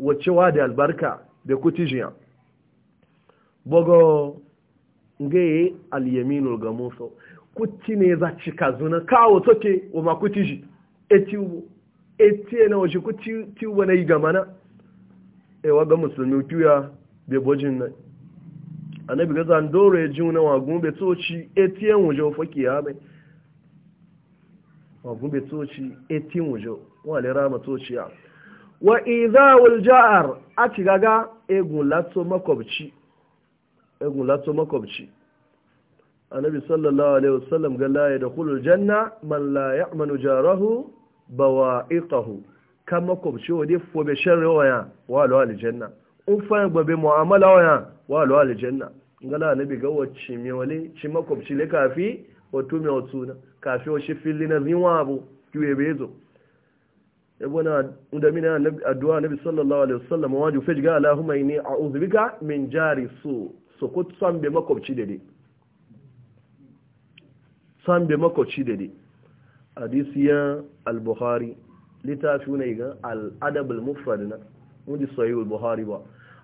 wacewa da albarka da kuti jiya bogo ngaye alyaminul gamuso kuci ne za cika zuna kawo soke wa ma kuci shi eti ubu eti na waje kuci ti na yi gamana e wa ga musulmi tuya be bojin nan annabi ga zan dore juna wa gumbe toci eti en waje fa kiyame wa gumbe toci eti en waje wa le rama toci ya wa idha wal ja'ar ati gaga egun latso makwabci egun lato makwabci annabi sallallahu alaihi wasallam ga la yadkhulul janna man la ya'manu jarahu bawa'iqahu kan makwabci wa fo be sharri waya wa lo aljanna un fa be mu'amala waya wa lo aljanna ngala annabi ga wacce mi wale ci makwabci le kafi wato mi wato kafi o shi filli na zinwa abu kiwe bezo unda mi na addu'a nabi sallallahu alaihi wasallam ju fajga allahumma inni a'udhu bika min jari su so ko san be makwabci da san be makwabci dade hadisiyan al-bukhari littafi ne ga al-adab al-mufrad na wanda sahih al-bukhari ba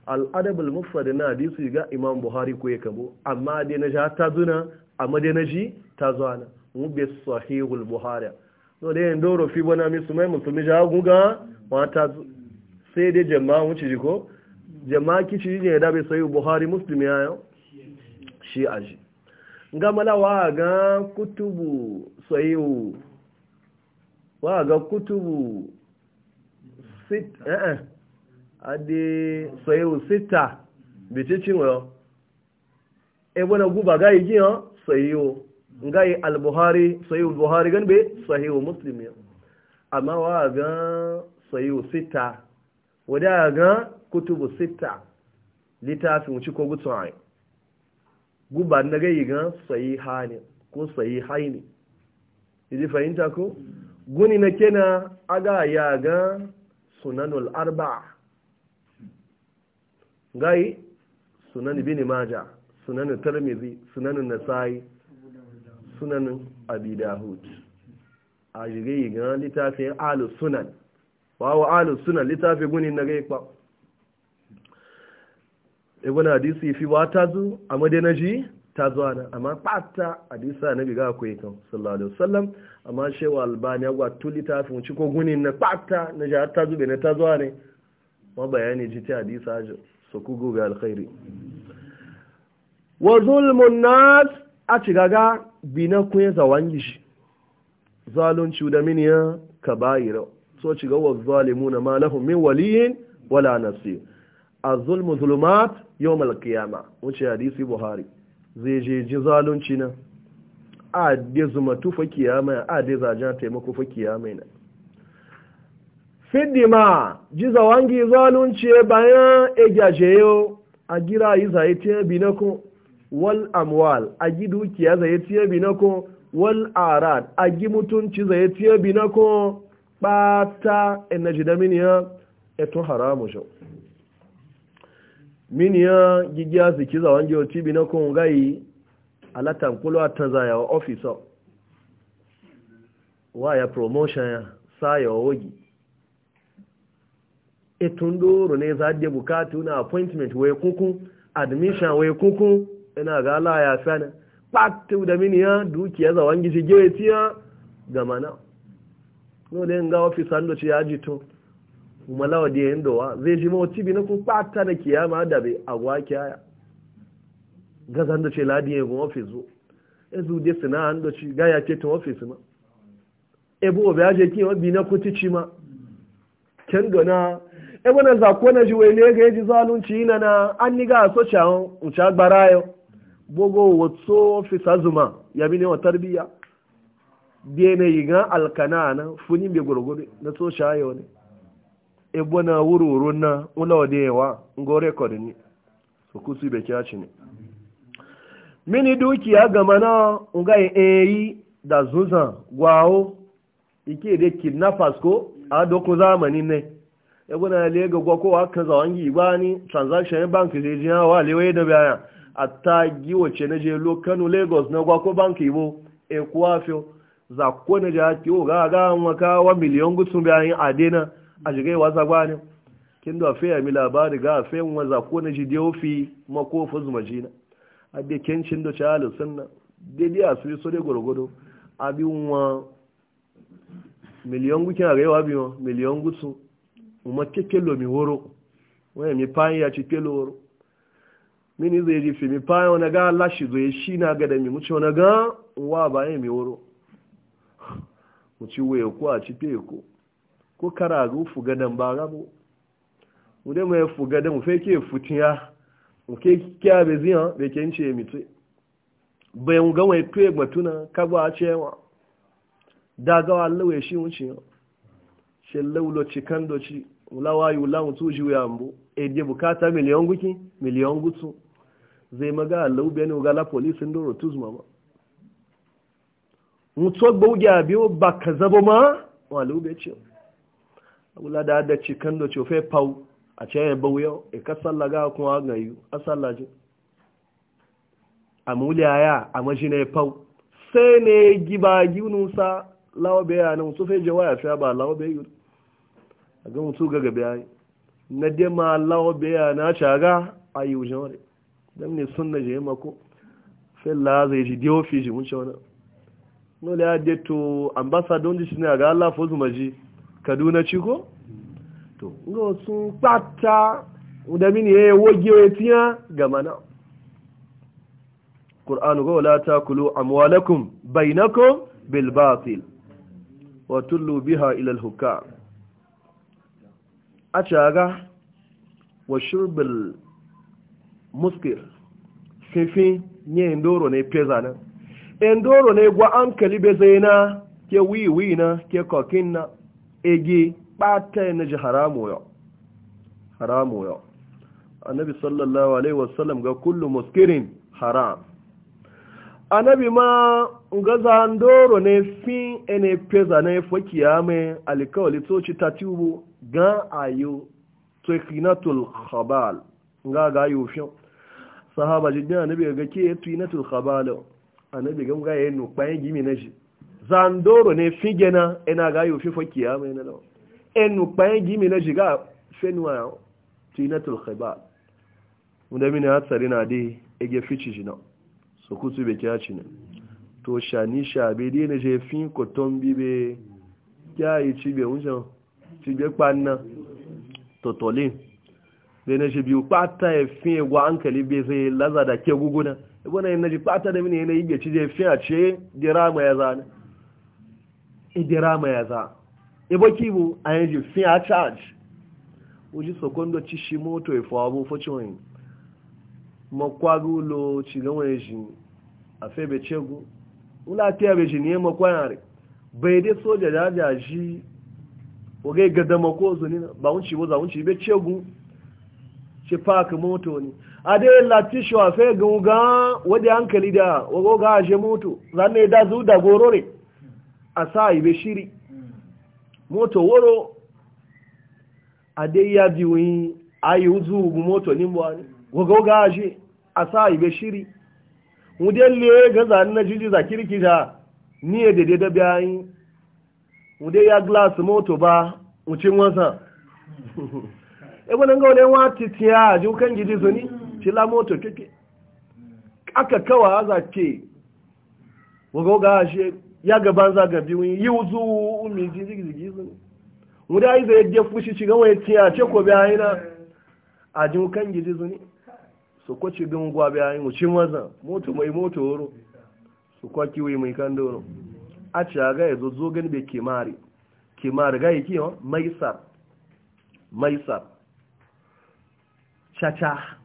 al-adab al-mufrad na hadisi ga imam bukhari ko yake bo amma dai na ja ta zuna amma dai na ji ta zuna mu bi sahih al-bukhari no dai ndoro fi bona mi su mai musulmi ja guga mata sai dai jama'a wuce jiko jama'a kici ne da bai sayi buhari muslim ya yau shi aji gamalawa ga kutubu sayi wa ga kutubu sit eh, eh ade sayi sita bicicin wayo e wani guba ga yi jiyan sayi ga yi al-buhari sayi buhari gan bai sayi muslim ya amma wa ga sayi sita wadda ga kutubu sita littafin wuce ko gutsun ai guba na gai gan sayi hani ko sayi haini idi fahimta ko guni na kena aga ya ga sunanul arba gai sunan ibn majah sunan tirmidhi sunan nasai sunan abi dahud a jige ga littafin ahlus sunan wa alu sunan littafin guni na gai kwa Eh, ibn hadisi fi ba ta zo a madina ji ta zo ana amma fata hadisa na biga akwai kan sallallahu alaihi wasallam amma shewa albani ya gwa tuli ta fi wuce ko guni na fata na jihar ta zube na ta zo ne ma bayani ji ta hadisa ajo su ku gobe alkhairi wa zulmun nas a ci gaga bi na kun zawan gishi zalunci da miniyan ka rau so ci ga wa zalimuna ma lahum min waliyin wala nasir azulmu zulumat yau malakiyama wuce hadisi buhari zai je ji zalunci nan a da zuma tufa kiyama a da zajen taimako fa kiyama na fidima ji zawangi zalunci bayan yau a gira yi zaye tiye binakun wal amwal a gi dukiya zaye tiye binakun wal arad a gi mutunci zaye tiye binakon ɓata ina jidaminiya etun haramu jau mini ya gigiya ziki za wange oti bi na kun gai alatan kulo ta zaya wa officer wa ya promotion ya sa ya wogi etun doro ne za de bukatu na appointment wai kuku admission wai kuku ina ga ala ya sana patu da mini ya dukiya za wange shi tiya ga mana no le nga officer ndo ci ya jito malawa da yayin dawa zai ji mawaci bi na ku ɓata da kiyama da bai agwa kiyaya Gaza da ce ladi ya gun ofis zo ya zu de sina an da ci gaya ke tun ofis ma ebo obi aje ki wa bi na kuti ci ma can na ebo na zako na ji wai ne ga yaji zalunci ina na an ni ga so cha un cha gbarayo bogo wato ofis azuma ya bi ne wa tarbiya bi ne yiga alkana na funin be gurgudu na so cha yo ne ebo na wuru na ụlọ dewa ngo rekọd ni so kusi be kyaci ne mini dukiya gama na nga e eyi da zuza gwawo ike de na ko a doko zamani ne ebo na le ga gwako wa kan zawangi ibani transaction e bank je jiya wa lewe e da baya atta giwo ce na je lo Kano Lagos na gwako bank ibo e kuwa fio za ko na ja ki o ga ga maka wa miliyon gutsun bayan adena a jigai wasa gwani kin da fe mi labari ga fe wa za ko na jide ofi makofu zumajina a de kencin da chalu sunna de dia su so de gorogodo abi wa miliyon guki a gaiwa biyo miliyon gutsu umma kekelo mi horo wa mi pan ya ci kelo horo mini zai ji fi mi pan wa ga lashi zai shi na ga da mi mu ci wa ga wa ba mi horo mu ci waye ko a ci pe ko ko kararu fugadan ba rabu ude mai fugadan mu fake futiya mu ke kya be ziyan be ke nce mitu bayan ga wai tuye gbatuna ka ba cewa daga Allah we shi mu shi? she lawlo ci do ci ulawa yu lawu tu ji yambo. mbu e de bukata miliyon guki miliyon gutsu zai maga allahu bene ga la police ndoro tuzma ba mu to gbogya biyo ba ka zabo ma wallo be ciwo wula da da cikin da cofe pau a ce ya bau yau e ka sallaga kuma ga yi a sallaje a muliya ya a mashi ya pau sai ne giba sa lawa bayan nan su fai jawaya fi ba lawa bayan a ga mutu ga gabe yayi na de ma lawa bayan na shaga ayu jore dan ne sunna je mako fe la zai ji dio fi ji mun ce wannan no le adeto ambassador ndi sina ga Allah fozu maji kaduna ciko to ngo sun kpata da mini ya woge ya tiya ga mana ƙur'anu ga wala ta kulu amwalakum bainakum bil batil wa tullu biha ila al hukam a wa shurbil muskir fifin nye ndoro ne peza na ndoro ne gwa an kalibe zai na ke wiwi na ke kokin na ege ɓata na ji haramu yau haramu yau annabi sallallahu alaihi wasallam ga kullum muskirin haram anabi ma nga zandoro ne fin ene peza ne fokiya mai alikawali ta tubu ga ayo tuqinatul khabal nga ga ayo fi sahaba jidda anabi ga ke tuqinatul khabal anabi ga ga yin nupayin gimi na shi zandoro ne fige na ina ga foki ya kiyama ina lo enu gi gimi na jiga fenu a tinatul khaiba wanda da hatsari na dai ege fici jina su kutu be kya ci ne to shani be dai ne je fin koton be kya yi cibe wujan cibe kpanna e e be pa e na shi biyu kpata ya fin egwa ankali be zai lazada ke guguna ibo na yin na ji kpata da yi yanayi ga je fin a ce dira ma ya zana idira mai yaza ibo kibu a yanzu fi a charge uji sekondo ci shi moto ya fawo abu foci wani makwagu lo ci gan wani shi a febe cegu wula ta yabe shi ne makwayan re soja jaja shi oge gada mako zuni ba wunci bo za wunci be cegu ci park moto ne a dai lati shi wa fe gan wuga wadda hankali da wago ga aje moto zane da zu da gorore a sa ibe shiri moto woro a dai ya biyu a yi bu moto ni ba ne wagoga ashe a sa ibe shiri mudelle ga zane na jiji za kirkita ni ya e dede da Mu mude ya glass moto ba ci wasa (laughs) E nan ga wani wa titiya a jukan gidi su ni cila moto kike aka kawa za ke gogo gaji ya gaban za ga biyu yi wuzu umi zigizigi sun wuda ayi zai je fushi shiga wani tiya ce ko biya yi na a jin kan gizi su ne su ko ci gan gwa biya yi wucin maza moto mai moto wuro su kwa kiwi mai kan doro a ci a gaya zo zo gani bai kimari kimari gaya kiyo oh, maisar maisar caca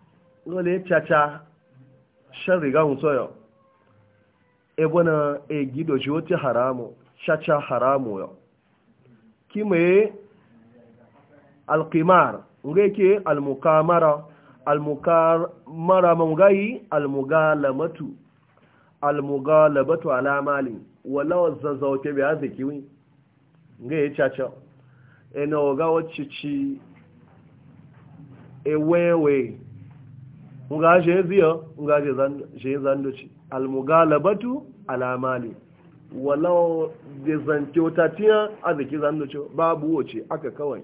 wale caca shan riga hunsoyo ebona e gido shi wata haramu chacha haramu yo kimaye alqimar ngeke yake almukamara almukamara mungai almugalamatu almugalabatu alamalin walawa zazzauke bai arziki wi nga ya caca ina waga wacce ci ewewe nga shi ziyo nga zando zandoci almugalabatu alamali walau da zance ta tiya arziki zan ce babu wace aka kawai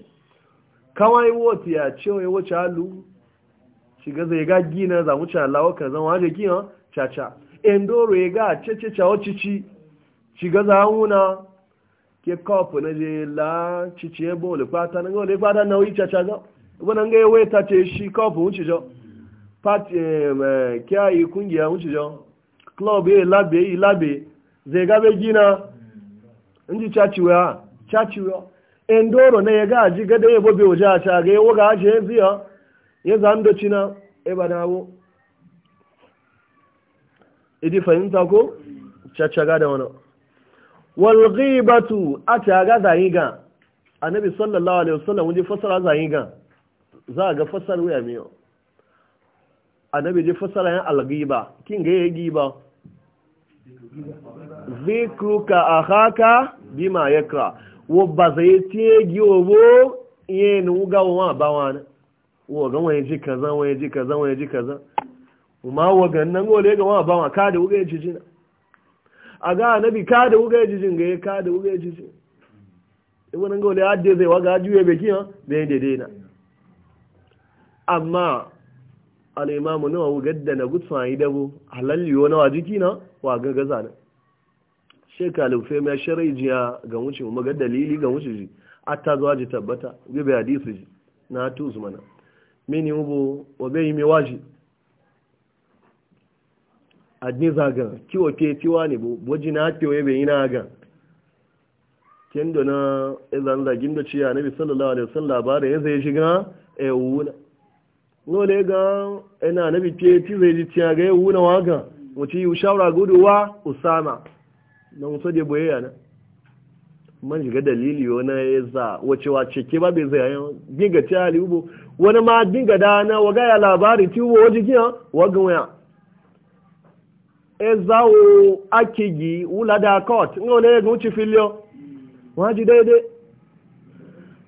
kawai wace ya ce wai wace halu shiga zai ga gina za wuce alawa kan zama wajen gina caca endoro ya ga cece cawa cici shiga za wuna ke kawo na je la cici ya bo lefata na ga lefata na wuce caca ga wani ga ya wai ta ce shi kawo wuce jau pat eh, eh kiyaye kungiya wuce jau club ya labe ilabe zai gabe gina inji chachiwa chachiwa endoro na ya gaji gada ya bobe waje a caga ya ga aji ya ziya ya zando cina ya ba na wo idi fahimta ko cacaga da wani wal ghibatu a caga zayi ga annabi sallallahu alaihi wasallam wani fasara zayi ga za a ga fasar wuya miyo annabi ji fasara yan alghiba kin ga ya giba zikruka ahaka bima yakra wo bazai tegi obo iye ni uga wa ba wani wo ga wani ji kaza wani ji kaza wani ji kaza ma wo ga nan go le ga wa ba wa ka da uga ji jina aga annabi ka da uga ji jin ga ka da uga ji jin e wannan go le adde zai wa ga juye be kiyan be dede na amma al-imam nawawi gadda na gutsa idabo halal yo na wajiki na wa ga gaza ne sheka lufe mai sharai jiya ga wuce mu ga dalili ga wuce ji atta zuwa ji tabbata gabe hadisi ji na tuzu mana mini ubu wa bai mi waji adni zaga kiwo ke tiwa ne bo boji na kiwo ya bai na ga kendo na izan zagin da ciya nabi sallallahu alaihi wasallam labarin yanzu ya shiga ya wuna nole ga ina nabi ke ti zai ji tiya ga e wuna waga wuce yi shawara guduwa usama na mutu da boyayya na man shiga dalili wani ya za wace wace ke ba bai zai yayin ginga ci hali ubo wani ma ginga da na waga ya labari ti ubo waje kiyan wagan waya e za o ake gi wula da court nga wani ya ga wuce filiyo waji daidai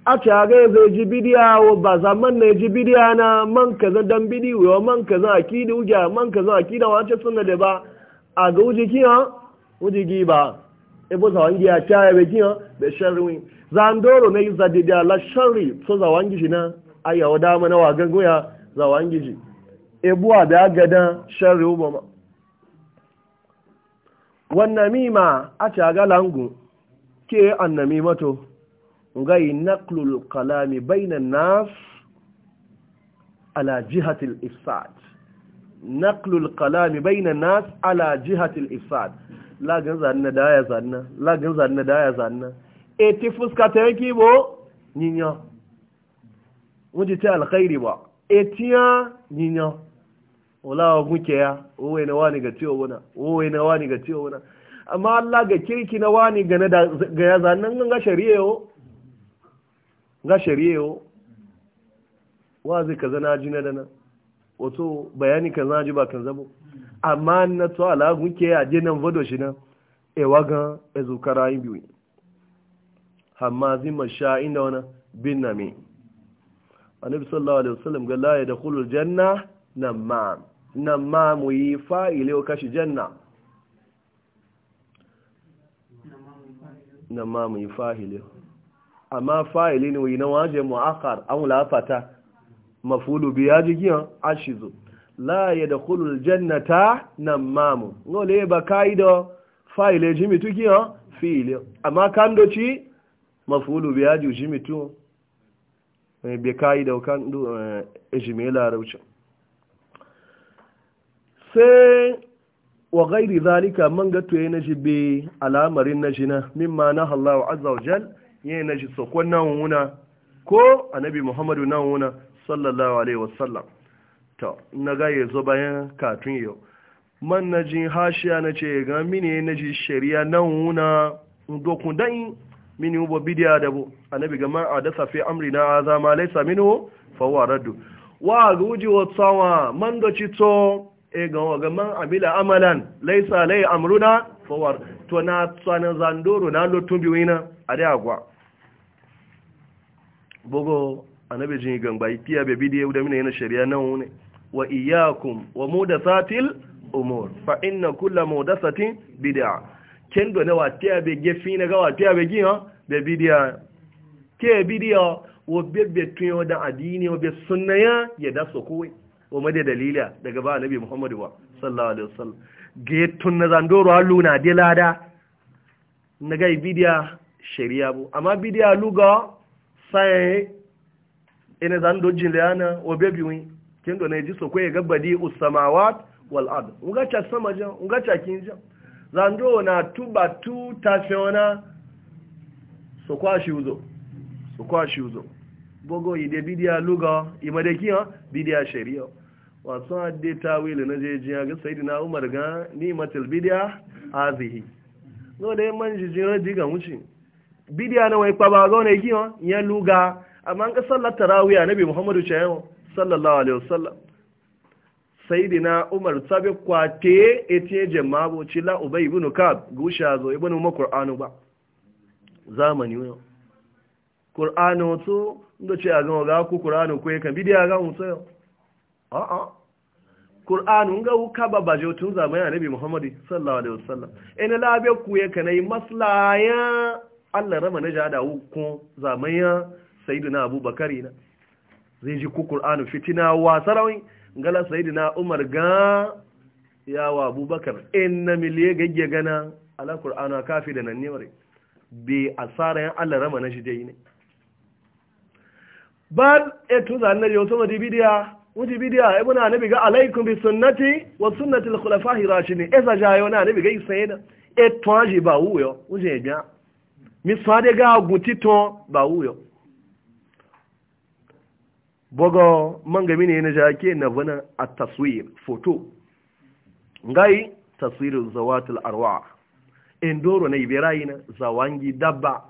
ake haga zai ji bidiya wa ba zaman na ji bidiya na man kaza dan bidi wa man kaza akidi uja man kaza akida wace sunna da ba a ga uji kiya uji gi ba e bo za wangi a ta ya be kiya be sharri zandoro ne za da la sharri so za wangi na ayya wa dama na wa gangu ya za wangi shi e a da gada sharri ubo ma wannan mima a ta ga langu ke annami mato ngai naqlul kalami bayna nas ala jihati ifsad naqlul kalami bayna nas ala jihati al-ifsad la zanna na daya zanna la zanna na daya zanna e ti fuska ta yake bo nyinya wuji ta alkhairi ba e tiya nyinya wala wa muke ya owe na wani ga ciwo wuna owe na wani ga ciwo wuna amma Allah ga kirki na wani ga na ga ya zannan ga shari'a yo ga wa zai kaza na ji na dana wato bayani kaza na ji ba kan zabo amma na to alagun ke a je nan vado shi nan e waga e zukara yin biyu amma ma sha inda wana bin nami annabi sallallahu alaihi wasallam ga la yadkhulul janna ma mu yi fa'ile o kashi janna mu yi fa'ile amma fa'ili ne na waje mu'akar an lafata mafulu biya jigiyan ashizu la ya da kulul jannata nan mamu ngole ba yi da fa'ile jimi tukiyan fi'ili amma kandoci mafulu biya ji jimi tu eh, ka yi da kando eh, jimi larauci sai wa gairi zalika man gato ya na jibe alamarin na jina mimma na hallawa azawajal jal yi na sokon nan wuna ko annabi muhammadu nan wuna sallallahu alaihi wasallam ta na gaye zo bayan katun yau man na jin hashiya na ce ga mini na ji shari'a nan wuna dokun dan mini ubo bidiya da bu annabi ga man adasa fi amri na azama laisa minu fa huwa raddu wa guji wa tsawa man do cito e ga wa ga man amila amalan laisa lai amruna fa war to na tsana zandoro na lotun biwina ade agwa bogo anabi jin gangba ipia be bidiye uda mina ina shari'a na ne wa iyakum wa mudathatil umur fa inna kulla mudathatin bid'a ken do ne watiya be gefi na ga watiya be ha be bidiya ke bidiya wo be tun da adini wo be sunna ya ya da so koi wo made dalila daga ba annabi muhammadu wa sallallahu alaihi wasallam ge tun na zandoro alluna de na ga bidiya Sheriya bu amma bidiya luga sai ina zan dojin lana wa bebiwi kin do ne ji so ko ga badi usamawat wal ard unga cha sama ja unga cha kinja zan do na tuba tu ta fiona so kwa shi uzo so kwa shi uzo bogo ide bidiya luga imade kiya bidiya sheriya. wasu adi ta wili na je jejiya ga sayidina umar ga ni matal bidiya azihi no dai man jijin raji mucin bidiya na wai kwaba zaune yi wa ya luga amma an ka sallar tarawiya nabi muhammadu cewa sallallahu alaihi wasallam na umar sabi kwate etinye jama'a bo ci la ubay nuka kab gusha zo ibn umar Kur'anu ba zamani yau. Kur'anu to ndo ce a gama ga ku kur'anu ko kan bidiya ga mu yau a'a Kur'anu ga wuka kaba ba tun zamani nabi Muhammadu sallallahu alaihi wasallam ina labe ku ya kana maslaya Allah rama na jada hukun zamanya na abubakar na zai ji ku qur'anu fitina wa Gala ngala na umar ga wa abubakar inna miliye gagge gana ala a kafi da nan ne ware bi asara yan Allah rama na shi dai ne bal etu zanna yo to madibidiya mujibidiya ibn e annabi ga alaikum bi sunnati wa sunnati al khulafa'i rashidin esa jayo na annabi ga isayna etu ajiba uyo uje ja misade ga guti to ba wuyo bogo manga mine na jake na bana at taswir photo ngai taswiru zawatul arwa endoro na ibirayina zawangi dabba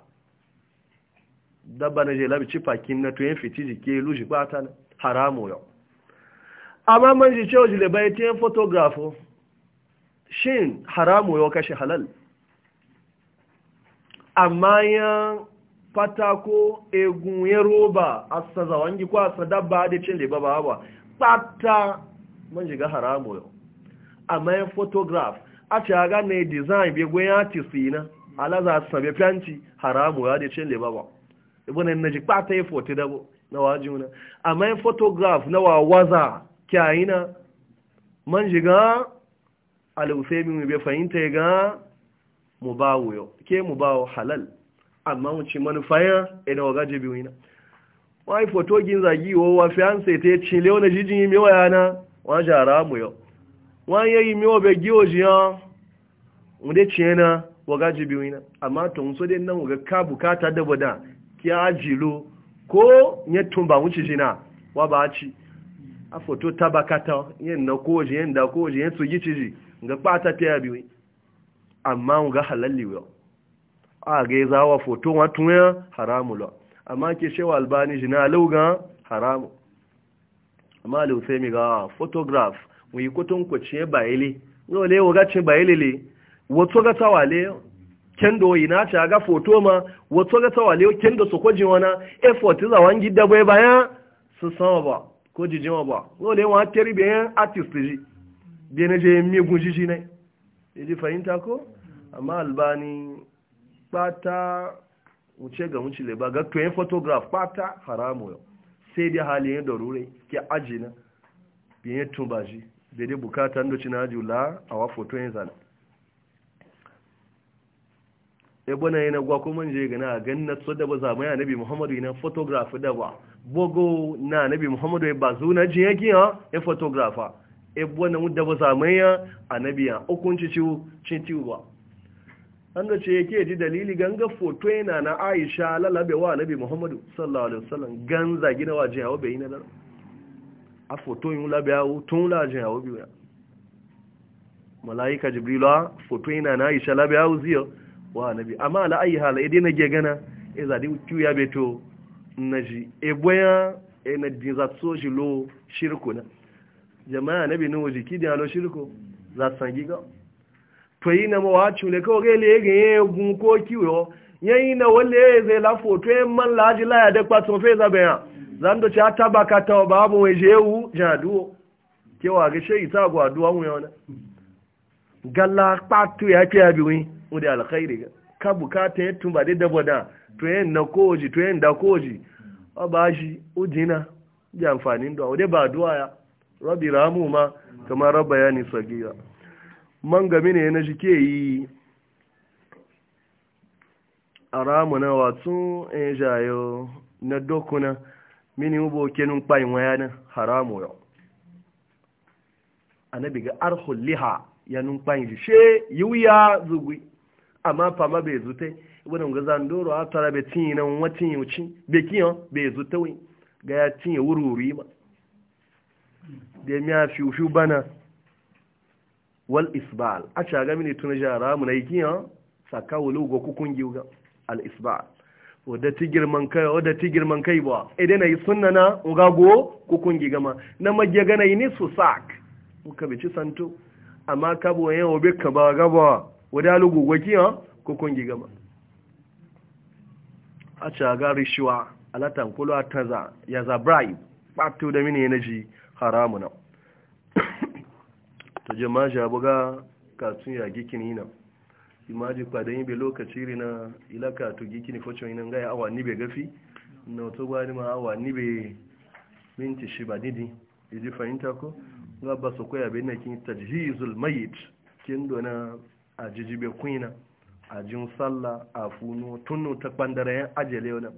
dabba na je labi ci kin na to yin fiti ke luji bata haramu yau amma man ji jile bai ta yin shin haramu yau kashe halal amma yan fatako egun ya roba a sazawangi wangi a sadabba da cin liba ba ba tsata man shiga haramu yau amma yan photograph a ce a gane design bai gwen artist na alaza sabe fiyanci haramu ya da cin liba ba ibanin na ji kpata ya foti dabo na wajuna amma yan photograph na waza kyayina man shiga alufemi bai fahimta ya ga mu ba ke mu ba halal amma mu ci manufaya ina waga biwi na wai foto gin zagi wo wa fiance te ci lewo na jijin yi mewa yana wa jara mu yo wa yayi mewa be giwo ya mu de ci yana waga jibi wina amma to so de nan waga ka bukata da bada ki ajilo ko nye tumba mu ci jina wa ba ci a foto tabakata yin na koje yin da koje yin su gici ji ga pata ta biwi. amma ga halalli wa a ga zawa foto wa tunya haramu la amma ke shewa albani jina lauga haramu amma lu sai mi ga ah, photograph mu yi kotun ku ce bayele no le wa ga ce bayele le wato ga tawale kendo ina ta ga foto ma wato ga tawale kendo su kwaji jiwana effort za wangi da bai baya su sama ba ko jijin ba no le wa terbiyan artist ji bi ne je mi gunjiji ne eji fahimta ko amma albani ɓata wuce ga wuce leba ga tuyen photograph ɓata haramu yau sai dai hali yin darure ke ajina biyan tubaji da dai cina jula a wa foto yin zana ebo na yana gwa kuma je gana a ganin na tsoda ba zama ya nabi muhammadu na photograph da ba bogo na nabi muhammadu ya bazu na jin ha ya photographer ebuwa na mudda ba samaiya a na biya hukunci ciwo ba an da ce yake ji dalili ganga foto yana na aisha lalabewa nabi muhammadu sallallahu alaihi wasallam gan zagi na wajen yawo bai yi na dara a foto yin labe yawo tun lajen yawo biya ya mala'ika jibrila foto yana na aisha labe yawo ziyo wa nabi amma ala ayi hala idai na gegana e zadi kiyu ya beto na ji eboya e na dinzatso shi lo shirkuna jama'a nabi nuhu jiki da alo shirko za san giga to yi na mawa cule ko ga le yi gun ko kiwo yi na wale zai la foto en man la ji la ya da kwato fe za bayan zan do cha taba ka ta babu we jewu jaduo ke wa ga shei ta gwa duwa mu yana galla patu ya ke abi wi mu da alkhairi ka bukata ya tumba da daboda to yen na koji to yen da koji ba shi ujina ji amfani da wade ba duwa ya rabi ramu ma kamar rabba ya ni sagira man gami ne na jike yi a ramu na watsun in eh, jayo na dokuna mini ubo kenun kpain waya na haramu yau anabi ga arhul liha ya nun kpain ji yi yiwuya zugui amma fama bai zute wani ga zandoro a tara bai tinye na watan yauci bai kiyan bai zute wai ga ya tinye wuri wuri ma da ya fi fi bana wal isbal a agami mini tun jara mu na kiyan saka wulu go kukun giwa al isbal wadda ti girman kai wadda ti girman kai ba idan e yi sunna na ugago kukun ma na magiya gana yi ni su sak muka ci santo amma bo yan obe ka ba gaba wadda lugu kiyan kukun ma a agari rishiwa alatan kulu a taza ya za bribe ɓato da mini energy haramu na (coughs) ta jama jabu ga katun ya gikini na imaji kwadan yi be lokaci rina ila to gikini focin nan gaya awa ni be gafi na wato gwani ma awa ni be minti shi ba didi iji fahimta ko ga ba su koya be na kin tajhizul mayit kin dona a jijibe kuina a jin sallah a funo ta kwandara yan ajele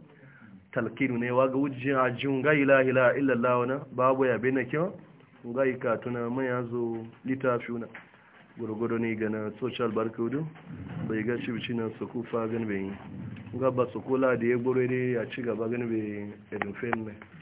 talkinu ne wa ga wujin ajin ga ila ila illa Allah wana babu ya bena kyo ga ika tuna mai yazo litafuna gurgudu ne ga na social barkudu bai ga shi bicin su fa gan bai ga ba su kula da ya gure ne ya ci gaba gan bai edufen ne